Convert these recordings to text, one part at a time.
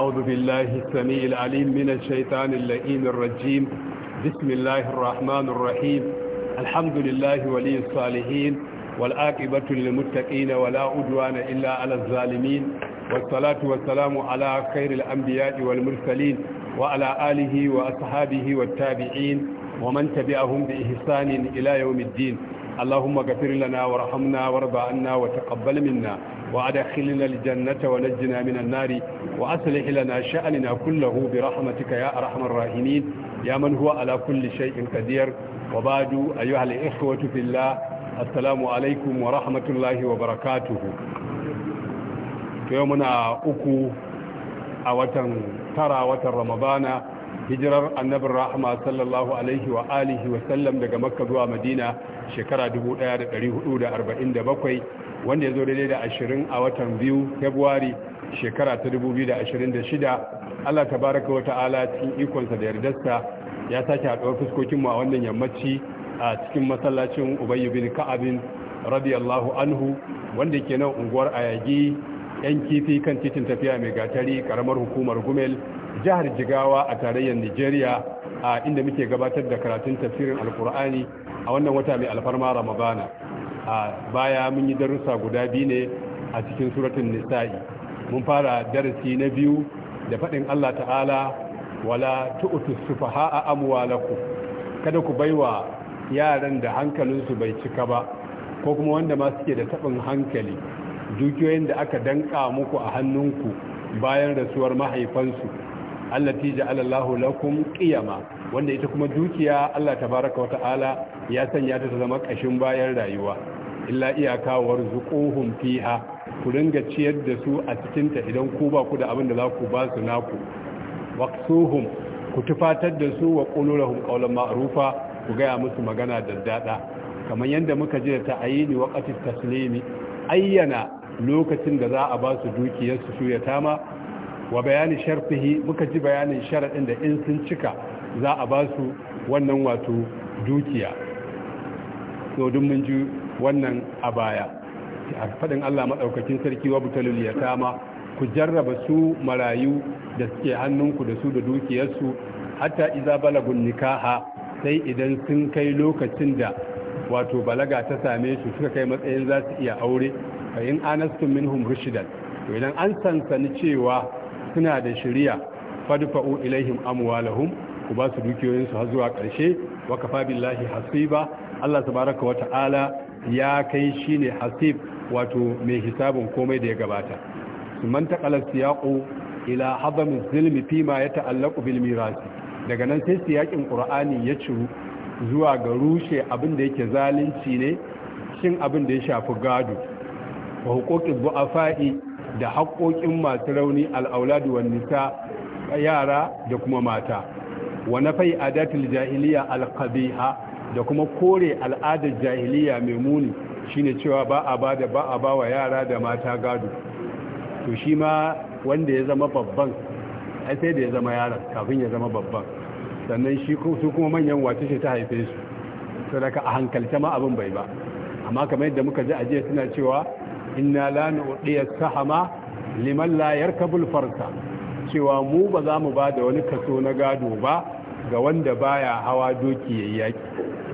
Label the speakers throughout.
Speaker 1: أعوذ بالله السميع العليم من الشيطان اللئيم الرجيم بسم الله الرحمن الرحيم الحمد لله ولي الصالحين والآكبة للمتقين ولا عدوان إلا على الظالمين والصلاة والسلام على خير الأنبياء والمرسلين وعلى آله وأصحابه والتابعين ومن تبعهم بإحسان إلى يوم الدين اللهم اغفر لنا وارحمنا وارض عنا وتقبل منا وأدخلنا الجنة ونجنا من النار وأصلح لنا شأننا كله برحمتك يا أرحم الراحمين يا من هو على كل شيء قدير وبعد أيها الإخوة في الله السلام عليكم ورحمة الله وبركاته يومنا أكو أوتن ترى وتن رمضان hijirar annabin rahama sallallahu alaihi wa alihi wa sallam daga makka zuwa madina shekara 1447 wanda ya zo daidai da ashirin a watan biyu februari shekara ta da shida allah ta baraka wa ta'ala cikin ikonsa da yardarsa ya sake haɗuwar fuskokinmu a wannan yammaci a cikin masallacin ubayyu bin ka'abin radiyallahu anhu wanda ke nan unguwar ayagi yan kifi kan titin tafiya mai gatari karamar hukumar gumel jihar jigawa a tarayyar nigeria a inda muke gabatar da karatun tafsirin alkur'ani a wannan wata mai alfarma ramadana a baya mun yi darussa guda biyu ne a cikin suratun nisa'i mun fara darasi na biyu da faɗin Allah ta'ala wala tu'tu sufaha'a amwalakum kada ku baiwa yaran da hankalinsu bai cika ba ko kuma wanda ma suke da taɓin hankali dukiyoyin da aka danka muku a hannunku bayan rasuwar mahaifansu allati ja'alallahu lakum qiyama wanda ita kuma dukiya Allah tabaraka wata'ala ya sanya ta zama kashin bayan rayuwa illa iyaka warzuquhum fiha ku ringa ciyar da su a cikin ta idan ku ba ku da abin da za ku ba su naku waqsuhum ku tufatar da su wa qululahum qawlan ma'rufa ku ga musu magana da daddada kamar yadda muka ji ta ayini waqati taslimi ayyana lokacin da za a ba su dukiyar su ya tama wa bayani sharfihi muka ji bayanin sharadin da in sun cika za a ba su wannan wato dukiya so mun ji wannan a baya a faɗin Allah maɗaukakin sarki wa butalul yatama ku jarraba su marayu da suke hannunku da su da dukiyarsu hatta iza balagun nikaha sai idan sun kai lokacin da wato balaga ta same su suka kai matsayin za su iya aure fa in min minhum rushdan to idan an sansani cewa suna da shirya fadfa'u ilaihim amwalahum ku ba su dukiyoyinsu har zuwa ƙarshe wa kafa billahi hasiba Allah tabaraka wa ta'ala ya kai shi ne hasib wato mai hisabin komai da ya gabata man taqala siyaqu ila hadam zulmi fima yata'allaqu bil mirasi daga nan sai siyakin Ƙur'ani ya ciru zuwa ga rushe abin da yake zalunci ne shin abin da ya shafi gado wa huquqi du'afa'i da haƙoƙin masu rauni al wa nisa yara da kuma mata wa fai adatul jahiliya alqabiha da kuma kore al'adar jahiliya mai muni shine cewa ba a bada ba a bawa yara da mata gado to shi ma wanda ya zama babban ai sai da ya zama yaron kafin ya zama babban sannan shi su kuma manyan wace ce ta haife su sadaka a hankalta ma abin bai ba amma kamar yadda muka ji ajiya suna cewa inna la nu'diya sahama liman la yarkabul farsa cewa mu ba za mu ba da wani kaso na gado ba ga wanda baya hawa doki yayi yaki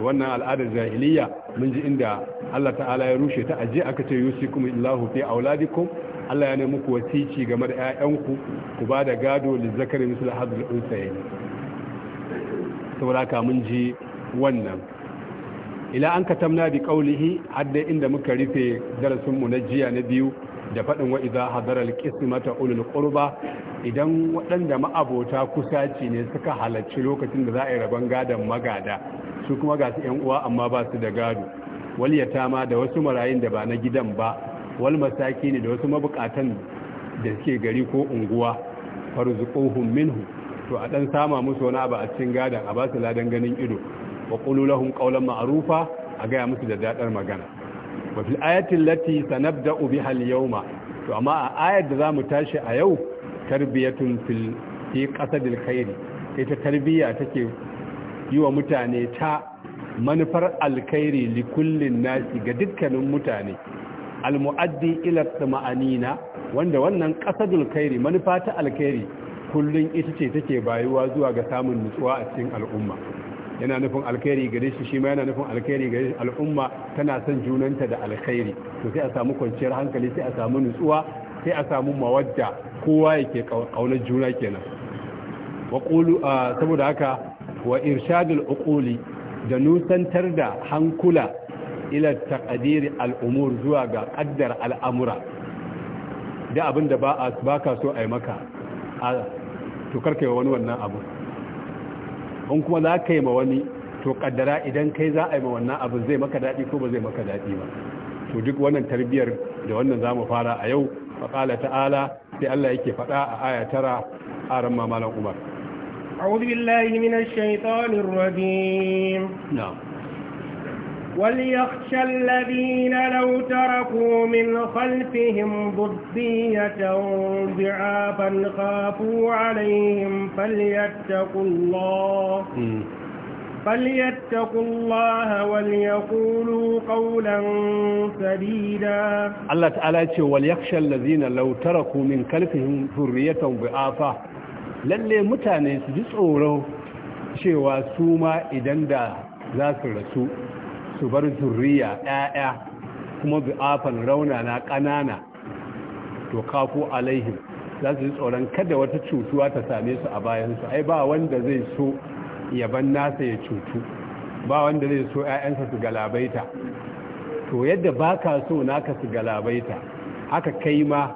Speaker 1: wannan al'adar jahiliya mun ji inda Allah ta'ala ya rushe ta aje aka ce yusikum illahu fi auladikum Allah ya ne muku wasici game da ƴaƴanku ku ba da gado li zakari misal hadhul unsayin saboda ka mun ji wannan ila an katamna bi qawlihi hadda inda muka rufe darasin mu na jiya na biyu da faɗin wa idza hadara alqismata ulul qurba idan waɗanda ma'abota kusaci ne suka halarci lokacin da za a yi rabon gadon magada su kuma ga su uwa amma ba su da gado wal yatama da wasu marayun da ba na gidan ba wal masaki ne da wasu mabukatan da suke gari ko unguwa farzuquhum minhu to a dan sama musu wani abu a cikin gadon a ba su ladan ganin ido wa qulu lahum qawlan ma'rufa a gaya musu da dadar magana wa fil ayatin lati sanabda'u biha al-yawma to amma a ayar da zamu tashi a yau tarbiyatun fil fi qasadil khair ita tarbiya take yi wa mutane ta manufar alkhairi li kullin nasi ga dukkanin mutane almu'addi ila tsama'anina wanda wannan qasadul khairi manufa ta alkhairi kullun ita ce take bayuwa zuwa ga samun nutsuwa a cikin al'umma yana nufin alkhairi gare shi shi ma yana nufin alkhairi gare al'umma tana son junanta da alkhairi to sai a samu kwanciyar hankali sai a samu nutsuwa sai a samu mawadda kowa yake kaunar juna kenan wa qulu saboda haka wa irshadul uquli da nusantar da hankula ila taqdir al'umur zuwa ga qaddar al'amura da abinda ba a baka so ai maka to karkai wani wannan abu in kuma za ka yi ma wani to kaddara idan kai za a yi ma wannan abin zai maka daɗi ko ba zai maka daɗi ba to duk wannan tarbiyyar da wannan za mu fara a yau faƙala ta'ala sai Allah yake faɗa a aya tara a ran mamalan umar أعوذ بالله من
Speaker 2: الشيطان الرجيم نعم وليخشى الذين لو تركوا من خلفهم ضدية ضعافا خافوا عليهم فليتقوا الله فليتقوا الله وليقولوا قولا سديدا
Speaker 1: الله تعالى يقول وليخشى الذين لو تركوا من خلفهم ذرية ضعافا lalle mutane su ji tsoro cewa su ma idan da za su rasu su bar zurriya ɗaya kuma rauna na ƙanana to kafo alaihim za su ji tsoron kada wata cutuwa ta same su a bayansu ai ba wanda zai so yaban nasa ya cutu ba wanda zai so 'ya'yansa su galabaita to yadda ba ka so naka su galabaita haka kai ma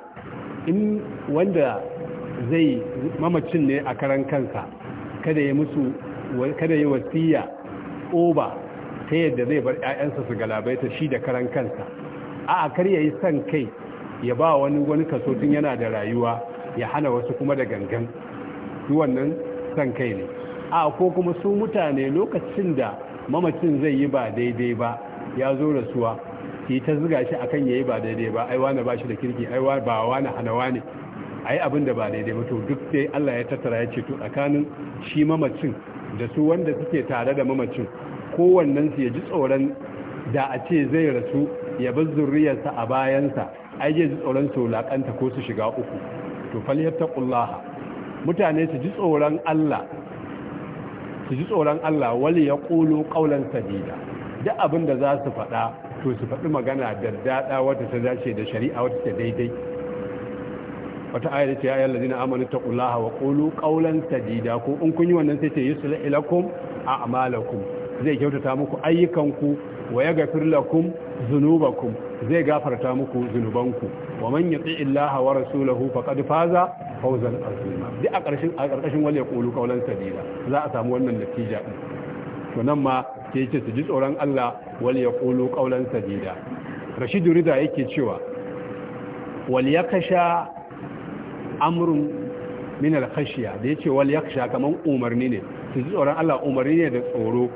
Speaker 1: in wanda zai mamacin ne a karan kansa kada ya musu kada ya wasiya oba ta yadda zai bar 'ya'yansa su galabaita shi da karan kansa a'a kar ya yi son kai ya ba wani wani kaso tun yana da rayuwa ya hana wasu kuma da gangan su wannan son kai ne a ko kuma su mutane lokacin da mamacin zai yi ba daidai ba ya zo rasuwa ki ta zuga shi akan yayi ba daidai ba ai wani ba shi da kirki ai ba wani hana wani ai abin da ba daidai ba to duk dai Allah ya tattara ya ce to tsakanin shi mamacin da su wanda suke tare da mamacin kowannensu ya ji tsoron da a ce zai rasu ya bar zurriyarsa a bayansa ai ji tsoron su lakanta ko su shiga uku to falyattaqullaha mutane su ji tsoron Allah su ji tsoron Allah wali yaqulu qawlan sadida duk abin da za su faɗa to su faɗi magana da daɗa wata ta dace da shari'a wata ta daidai wata ayar ce yalla ladina amanu taqullaha wa qulu qawlan sadida ko in kun yi wannan sai ce yuslih lakum a'malakum zai kyautata muku ayyukanku wa ya gafir lakum zunubakum zai gafarta muku zunubanku wa man yati illaha wa rasulahu faqad faza fawzan azima duk a ƙarshen a ƙarƙashin wal kulu qawlan sadida za a samu wannan natija din to nan ma ke ce su ji tsoron Allah wal yaqulu qawlan sadida Rashid rida yake cewa wal yakasha amrun min al khashiya da yake wal yakasha kaman umarni ne su ji tsoron Allah umarni ne da tsoro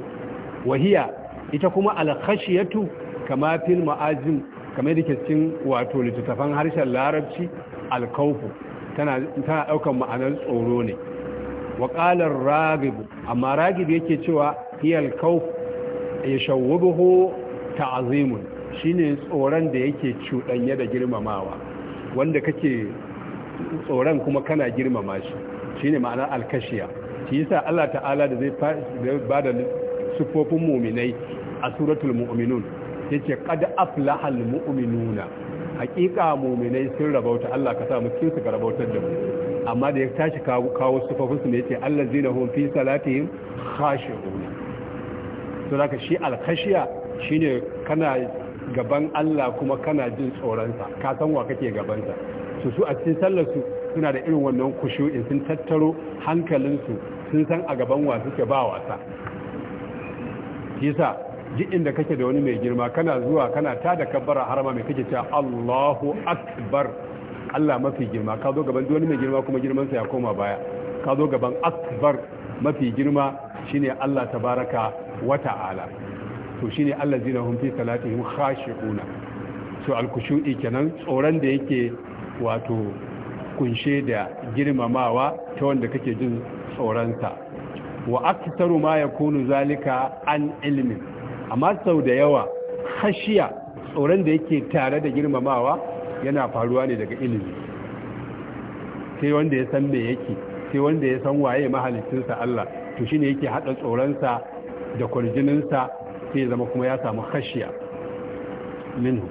Speaker 1: wahiya ita kuma alkhashiyatu kama fil ma'azim kamar yadda cikin wato littattafan harshen larabci alkaufu tana tana daukan ma'anar tsoro ne wa qala ragib amma ragib yake cewa hiya al-kaufu alkauf yashawwabuhu ta'zimun shine tsoron da yake cudanye da girmamawa wanda kake tsoron kuma kana girmama shi shine ma'anar al-kashiya al-kashiya shi yasa Allah ta'ala da zai ba da sufofin muminai a suratul mu'minun yace qad aflahal mu'minuna hakika muminai sun rabauta Allah ka sa mu cikin su rabautar da mu amma da ya tashi kawo sufofin su ne yace allazina hum fi salatihim khashi'un to zaka shi al-khashiya shine kana gaban Allah kuma kana jin tsoron sa ka san wa kake gaban sa su su a cikin sallar su suna da irin wannan kushu'in sun tattaro hankalinsu sun san a gaban wa suke ba wasa yasa duk inda kake da wani mai girma kana zuwa kana ta da kabbara harama mai kake cewa Allahu akbar Allah mafi girma ka zo gaban wani mai girma kuma girman sa ya koma baya ka zo gaban akbar mafi girma shine Allah tabaraka wa ta'ala to shine Allah zina hum fi salatihim khashi'una to al-khushu'i kenan tsoron da yake wato kunshe da girmamawa ta wanda kake jin sa. wa aktaru ma yakunu zalika an ilmin amma sau da yawa hashiya tsoron da yake tare da girmamawa yana faruwa ne daga ilimi sai wanda ya san me yake sai wanda ya san waye mahalicinsa Allah to shine yake hada tsoronsa da kurjininsa sai ya zama kuma ya samu hashiya minhu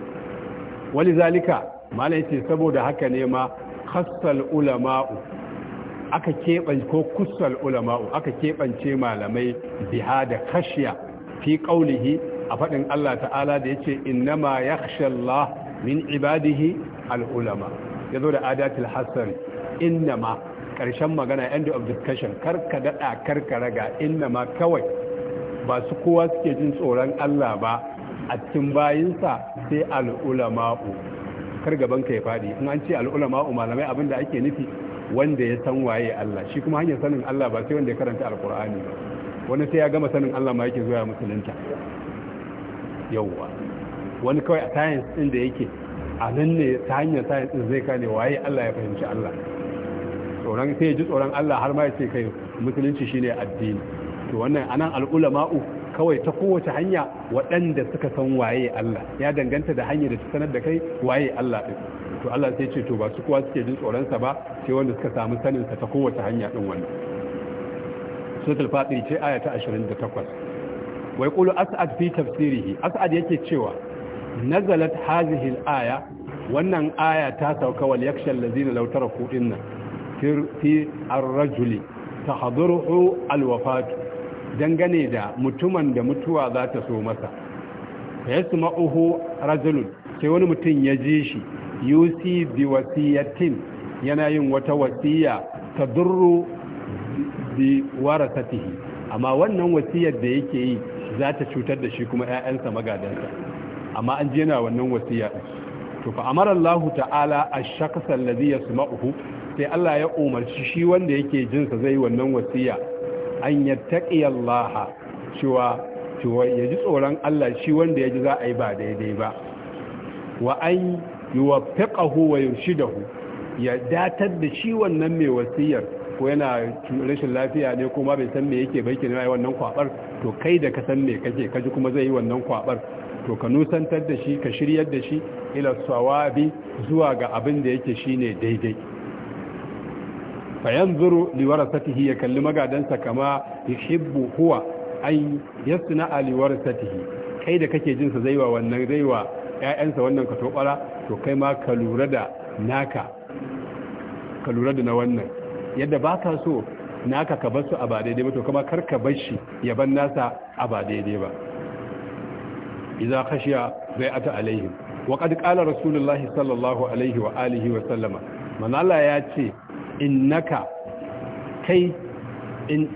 Speaker 1: zalika malai ce saboda haka ne ma khassal ulama'u aka keɓance ko kusal ulama'u aka keɓance malamai biha da kashiya fi ƙaunihi a faɗin Allah ta'ala da ya ce ma ya Allah min ibadihi al'ulama ya zo da adatul hassan innama ƙarshen magana end of discussion karka daɗa karka raga innama kawai ba su kowa suke jin tsoron Allah ba a cikin bayinsa sai al'ulama'u kar gaban ka ya faɗi in an ce al'ulama'u malamai abin da ake nufi wanda ya san waye Allah shi kuma hanyar sanin Allah ba sai wanda ya karanta alkur'ani ba wani sai ya gama sanin Allah ma yake zuwa musulunta yawwa wani kawai a science din da yake a nan ne ta hanyar science din zai kane waye Allah ya fahimci Allah tsoron sai ya ji tsoron Allah har ma ya ce kai musulunci shine addini to wannan anan al'ulama'u kawai ta kowace hanya waɗanda suka san waye Allah ya danganta da hanyar da ta sanar da kai waye Allah din to Allah sai ce to ba su kowa suke jin tsoronsa ba sai wanda suka samu sanin sa ta kowace hanya din wannan suratul fatir ce aya ta 28 wai qulu as'ad fi tafsirihi as'ad yake cewa nazalat hadhihi al-aya wannan aya ta sauka wal yakshal ladina law taraku inna fi ar-rajuli tahduruhu al-wafat dangane da mutumin da mutuwa za ta so masa yasma'uhu rajulun sai wani mutum ya ji shi yusi bi wasiyatin yana yin wata wasiya ta durru bi warasatihi amma wannan wasiyar da yake yi za ta cutar da shi kuma 'ya'yansa magadansa amma an yana wannan wasiya to fa amara Allah ta'ala ash-shakhs alladhi yasma'uhu sai Allah ya umarci shi wanda yake jin sa zai wannan wasiya an yattaqi Allah cewa cewa ya ji tsoron Allah shi wanda ya ji za a yi ba daidai ba wa an yuwaffiqahu wa yurshidahu ya datar da shi wannan mai wasiyar ko yana rashin lafiya ne kuma bai san me yake ba yake ne wannan kwabar to kai da ka san me kake kaji kuma zai yi wannan kwabar to ka nusantar da shi ka shiryar da shi ila sawabi zuwa ga abin da yake shine daidai fayan zuru liwarasatihi ya kalli magadansa kama yuhibbu huwa ay yasna warasatihi kai da kake jin sa zaiwa wannan zaiwa ‘ya'yansa wannan ka tobara to kai ma ka lura da naka ka lura da na wannan yadda ba ka so naka ka bar su a ba daidai ba to kama kar ka bar shi ya ban nasa a ba daidai ba idza khashiya bai'ata alaihi wa qad qala rasulullahi sallallahu alaihi wa alihi wa sallama man Allah ya ce innaka kai in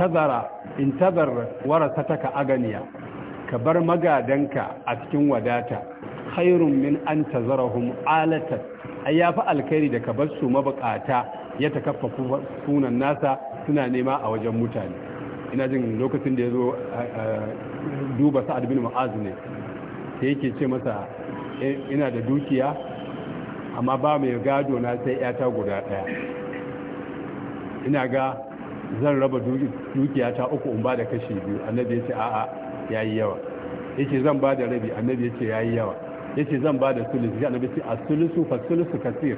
Speaker 1: tazara in tazar warasataka aganiya ka bar magadanka a cikin wadata khairun min an tazarahum alatan ai yafi alkhairi da ka bar su mabukata ya takaffafu sunan nasa suna nema a wajen mutane ina jin lokacin da ya duba sa'ad bin mu'az ne sai yake ce masa eh, ina da dukiya amma ba mai gado na sai yata guda daya ina ga zan raba dukiya ta uku in ba da kashi biyu annabi ya ce a'a ya yi yawa yake zan ba da rabi annabi yake ya yi yawa yake zan ba da ya annabi ce a sulisu fa sulisu kasir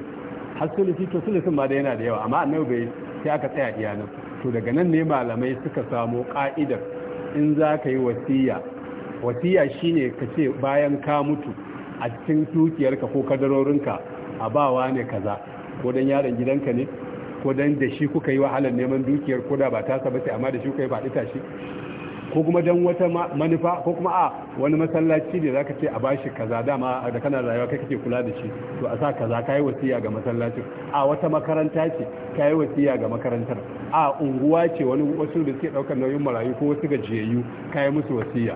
Speaker 1: har sulisi to sulisun ma da yana da yawa amma annabi bai sai aka tsaya iyalan to daga nan ne malamai suka samo ka'idar in za ka yi wasiya wasiya shine ka ce bayan ka mutu a cikin dukiyarka ko kadarorinka a bawa ne kaza ko dan yaron gidanka ne ko dan da shi kuka yi wahalar neman dukiyar ko da ba ta saba sai amma da shi kuka yi ba ita shi ko kuma don wata manufa ko kuma a wani masallaci ne za ka ce a ba shi kaza dama da kana rayuwa kai kake kula da shi to a sa kaza ka yi wasiya ga masallacin a wata makaranta ce ka yi wasiya ga makarantar a unguwa ce wani wasu da suke ɗaukar nauyin marayu ko wasu gajiyayyu ka yi musu wasiya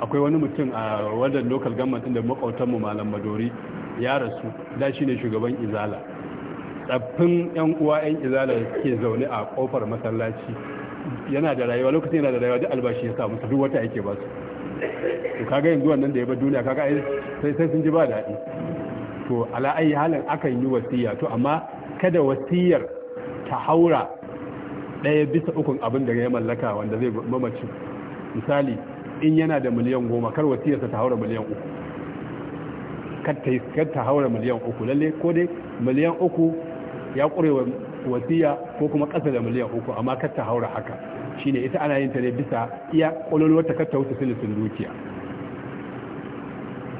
Speaker 1: akwai wani mutum a wadannan local government da makwautanmu malam madori ya rasu da shi ne shugaban izala tsaffin yan uwa yan izala suke zaune a kofar masallaci yana da rayuwa lokacin yana da rayuwa duk albashi ya samu duk wata yake ba
Speaker 3: su
Speaker 1: to kaga yanzu wannan da ya bar duniya kaga sai sai sun ji ba daɗi to ala ayi halin akan yi wasiya to amma kada wasiyar ta haura ɗaya bisa ukun abin da ya mallaka wanda zai mamaci misali in yana da miliyan goma kar wasiyarsa ta haura miliyan uku kar ta haura miliyan uku lalle ko dai miliyan uku ya kurewa. wasiya ko kuma ƙasa da miliyan uku amma kar ta haura haka shine ita ana yin ta bisa iya ƙololuwar wata kar ta wuce sulusun dukiya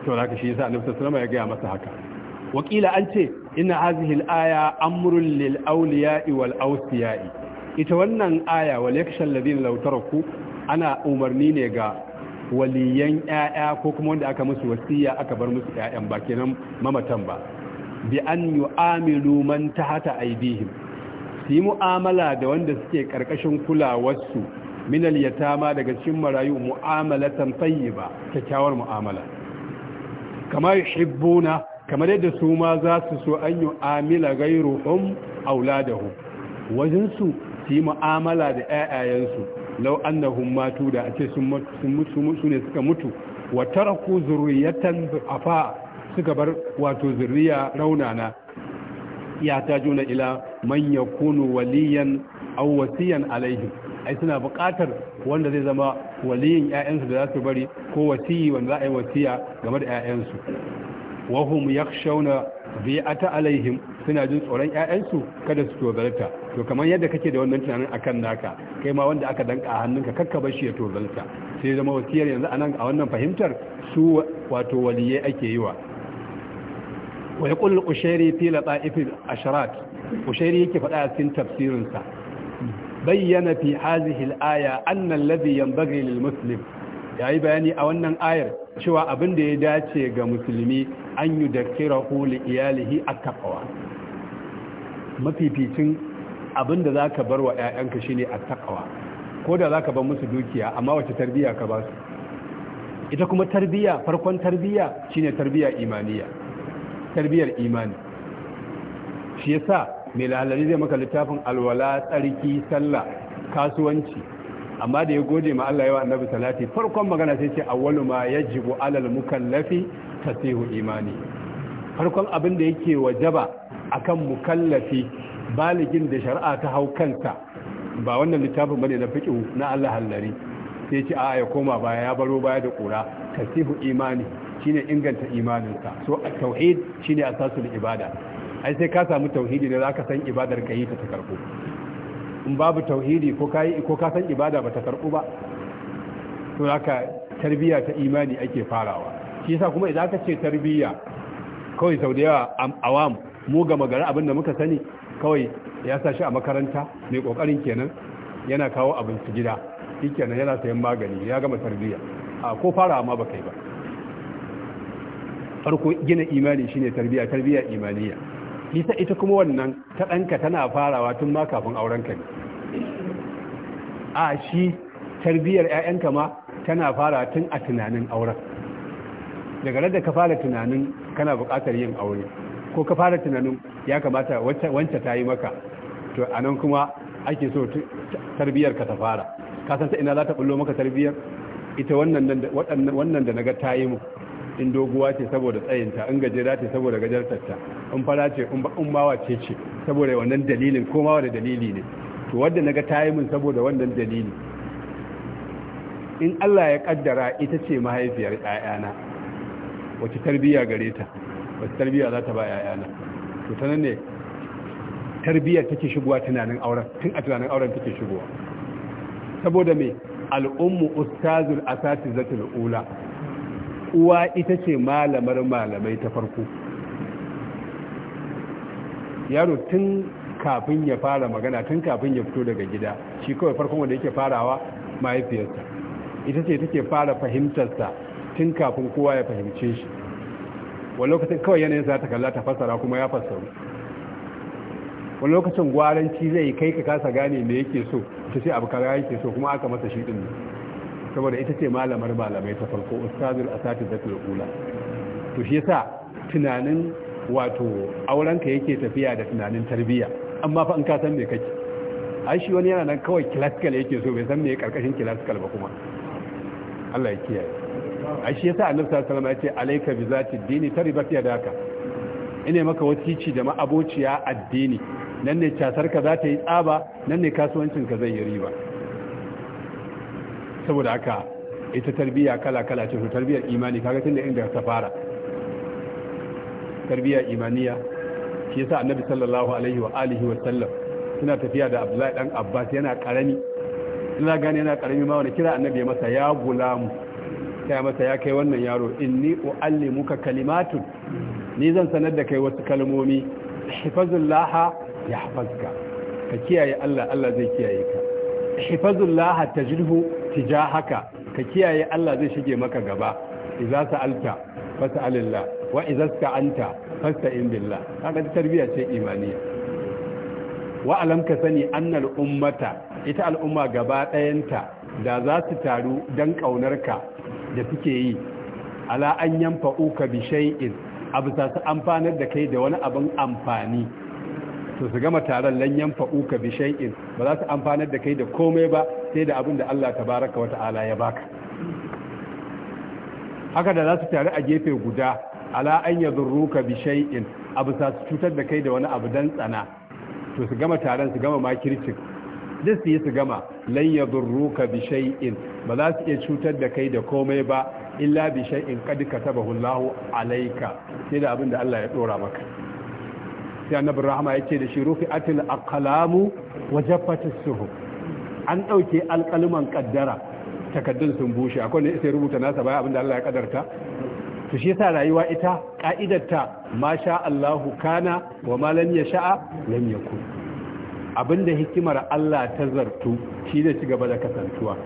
Speaker 1: to haka shi yasa annabi sallallahu alaihi ya gaya masa haka wakila an ce ina hazihi al-aya amrun lil awliya'i wal awsiya'i ita wannan aya wal yakshal ladina law taraku ana umarni ne ga waliyan 'ya'ya ko kuma wanda aka musu wasiya aka bar musu 'ya'yan ba kenan mamatan ba bi an yu'amilu man tahata aidihim su yi mu'amala da wanda suke karkashin kulawarsu minal yatama daga cikin marayu mu'amalatan tayyiba kyakkyawar mu'amala Kamar yuhibbuna kamar yadda su ma za su so an yi amila gairuhum auladahum wajen su su yi mu'amala da ƴaƴayensu law annahum matu da ace sun mutu su ne suka mutu wa taraku zurriyatan afa suka bar wato zurriya raunana ya ta juna ila man kunu waliyan aw wasiyan alaihi ai suna buƙatar wanda zai zama waliyin ƴaƴansu da za su bari ko wasiyi wanda za a yi wasiya game da ƴaƴansu wa hum yakhshawna bi'ata alaihim suna jin tsoron ƴaƴansu kada su tozalta to kamar yadda kake da wannan tunanin akan naka kai ma wanda aka danka a hannunka kakka bar shi ya tozalta sai zama wasiyar yanzu anan a wannan fahimtar su wato waliyai ake yi wa wai kul ushairi fi lata'if al-ashrat ushairi yake faɗa cikin tafsirin sa bayyana fi hadhihi al-aya anna alladhi yanbaghi lil muslim yayi bayani a wannan ayar cewa abin da ya dace ga musulmi an yudakkirahu li iyalihi at-taqwa mafificin abin da zaka bar wa ƴaƴanka shine at-taqwa ko da zaka bar musu dukiya amma wace tarbiya ka ba su ita kuma tarbiyya, farkon tarbiyya shine tarbiya imaniya tarbiyar imani shi yasa mai lalari zai maka littafin alwala tsarki sallah kasuwanci amma da ya gode ma Allah yawa annabi salati farkon magana sai ce awwalu ma yajibu alal mukallafi tasihu imani farkon abin da yake wajaba akan mukallafi baligin da shari'a ta hau kansa ba wannan littafin bane na fiqh na Allah hallari sai ce a ya koma baya ya baro baya da kura tasihu imani shine inganta imaninsa. so tauhid shine asasul ibada ai sai ka samu tauhidi ne zaka san ibadar ka ta karbu in babu tauhidi ko kai ko ka san ibada ba ta karbu ba to zaka tarbiya ta imani ake farawa shi yasa kuma idan aka ce tarbiya kawai sau da yawa awam mu ga magana abin da muka sani kawai ya sa shi a makaranta mai kokarin kenan yana kawo abin su gida shi kenan yana sayan magani ya gama tarbiya a ko fara ma ba kai ba farko gina imani shine tarbiya tarbiya imaniya ita ita kuma wannan ta ɗanka tana farawa tun ma kafin aurenka ne a shi tarbiyar 'ya'yanka ma tana farawa tun a tunanin auren daga rada ka fara tunanin kana buƙatar yin aure ko ka fara tunanin ya kamata wancan ta yi maka to a nan kuma ake so tarbiyar ka ta fara kasanta ina za ta bullo maka tarbiyar ita wannan da na ga ta yi mu in doguwa ce saboda tsayinta in gajera ce saboda gajartarta in fara ce in bawa ce ce saboda wannan dalilin ko ma wanda dalili ne to wanda naga tayi min saboda wannan dalili in Allah ya kaddara ita ce mahaifiyar ƴaƴana wace tarbiya gare ta wace tarbiya za ta ba ƴaƴana to ta ne tarbiyar take shigowa tunanin auren tun a tunanin auren take shigowa saboda me al'ummu ustazul zatul ula uwa ita ce malamar malamai ta farko yaro tun kafin ya fara magana tun kafin ya fito daga gida shi kawai farkon wanda yake farawa mahaifiyarsa ita ce take fara fahimtarsa tun kafin kowa ya fahimce shi wani lokacin kawai yanayin za ta kalla ta fassara kuma ya fassaru wani lokacin gwaranci zai kai ka kasa gane me yake so ta ce abu kaza yake so kuma aka masa shi din saboda ita ce malamar malamai ta farko ustazul asati zatul ula to shi yasa tunanin wato aurenka yake tafiya da tunanin tarbiyya amma fa in ka san me kake ai shi wani yana nan kawai classical yake so bai san me karkashin classical ba kuma Allah ya kiyaye ai shi yasa annabi sallallahu alaihi wasallam ya ce alayka bi zati dini fi yadaka ina maka wacici da ma'abociya addini nan ne casar ka za ta yi tsaba nan ne kasuwancin ka zai yi riba saboda haka ita tarbiyya kala kala ce to tarbiyyar imani kaga tunda inda ta fara tarbiyyar imaniya shi yasa annabi sallallahu alaihi wa alihi wa sallam suna tafiya da abdullahi dan abbas yana karami ina gane yana karami ma wani kira annabi masa ya gulam kai masa ya kai wannan yaro inni uallimuka kalimatun ni zan sanar da kai wasu kalmomi hifazullah yahfazka ka kiyaye Allah Allah zai kiyaye ka hifazullah tajidhu haka, ka kiyaye Allah zai shige maka gaba idza sa'alta fas'alillah wa idza sta'anta fasta'in billah kaga tarbiya ce imaniya wa alam ka sani annal ummata ita al'umma gaba ɗayanta da za su taru don ƙaunarka da suke yi ala an yamfa uka bi shay'in abu za su amfanar da kai da wani abin amfani to su gama taron lan yamfa uka bi shay'in ba za su amfanar da kai da komai ba sai da abin da Allah ta wata wata'ala ya baka haka da za su tare a gefe guda ala an yadurruka bi shay'in abu sa su cutar da kai da wani abu don tsana to su gama taron su gama makircin duk su yi su gama lan yadurruka bi shay'in ba za su iya cutar da kai da komai ba illa bi kadi ka taba hullahu alaika, sai da abin da Allah ya dora maka sai annabi rahama da shi rufi atil aqlamu wa suhuf an ɗauke alƙaluman ƙaddara takaddun sun bushe akwai ne sai rubuta nasa baya abinda Allah ya ƙadarta su shi sa rayuwa ita ƙa'idarta ma sha Allahu kana wa ma lam yasha'a lam yakun abinda hikimar Allah ta zartu shi ne cigaba da kasantuwa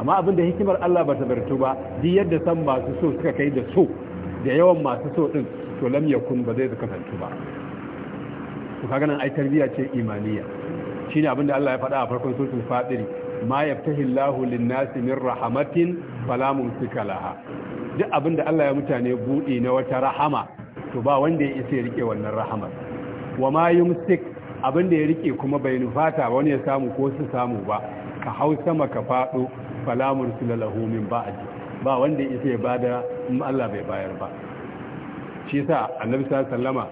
Speaker 1: amma abinda hikimar Allah ba ta zartu ba duk yadda san masu so suka kai da so da yawan masu so din to lam yakun ba zai kasantu ba to kaga nan ai tarbiyya ce imaniya shine abin da Allah ya faɗa a farkon suratul fatir ma yaftahi Allahu lin-nasi min rahmatin fala mumsika duk abin da Allah ya mutane buɗe na wata rahama to ba wanda ya isa ya rike wannan rahamar wa ma yumsik abin da ya rike kuma bai nufata ba wani ya samu ko su samu ba ka hau sama ka faɗo fala mursila lahu min ba'di ba wanda ya isa ya bada in Allah bai bayar ba shi yasa annabi sallallahu alaihi wasallama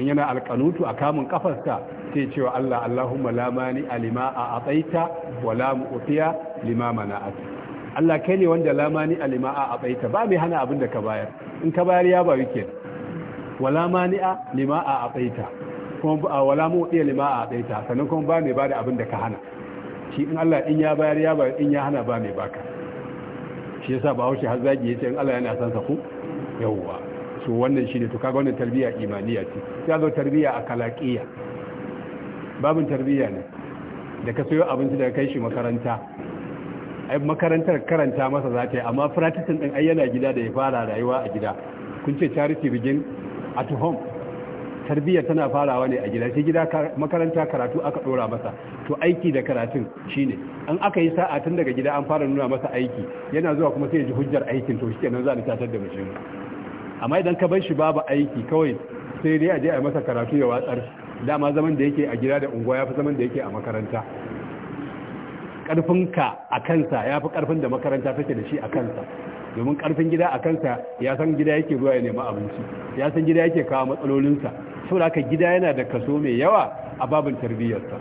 Speaker 1: in yana alqanutu a kamun kafarsa sai cewa Allah Allahumma la mani alima a abaita wa la mu'tiya lima mana'at Allah kai ne wanda la mani alima a abaita ba mai hana abin da ka bayar in ka bayar ya bayu kenan wala a lima a abaita kuma wala mu'tiya lima a abaita sannan kuma ba mai bada abin da ka hana shi in Allah in ya bayar ya bayar in ya hana ba mai baka shi yasa ba haushi har zagi yace in Allah yana san sa ku yawwa to wannan shine to kaga wannan tarbiya imaniya ce ya zo tarbiya a babin tarbiyya ne da ka sayo abinci daga kai shi makaranta ai makarantar karanta masa za ta yi amma practicing din ai yana gida da ya fara rayuwa a gida kun ce charity begin at home tarbiyya tana farawa ne a gida sai gida makaranta karatu aka dora masa to aiki da karatun shine an aka yi sa'a tun daga gida an fara nuna masa aiki yana zuwa kuma sai ya ji hujjar aikin to shikenan za a tatar da mashin amma idan ka bar shi babu aiki kawai sai dai a je a masa karatu ya watsar dama zaman da yake a gida da unguwa ya fi zaman da yake a makaranta ƙarfinka a kansa ya fi ƙarfin da makaranta take da shi a kansa domin ƙarfin gida a kansa ya san gida yake zuwa ya nema abinci ya san gida yake kawo matsalolinsa sau da gida yana da kaso mai yawa a babin tarbiyyarsa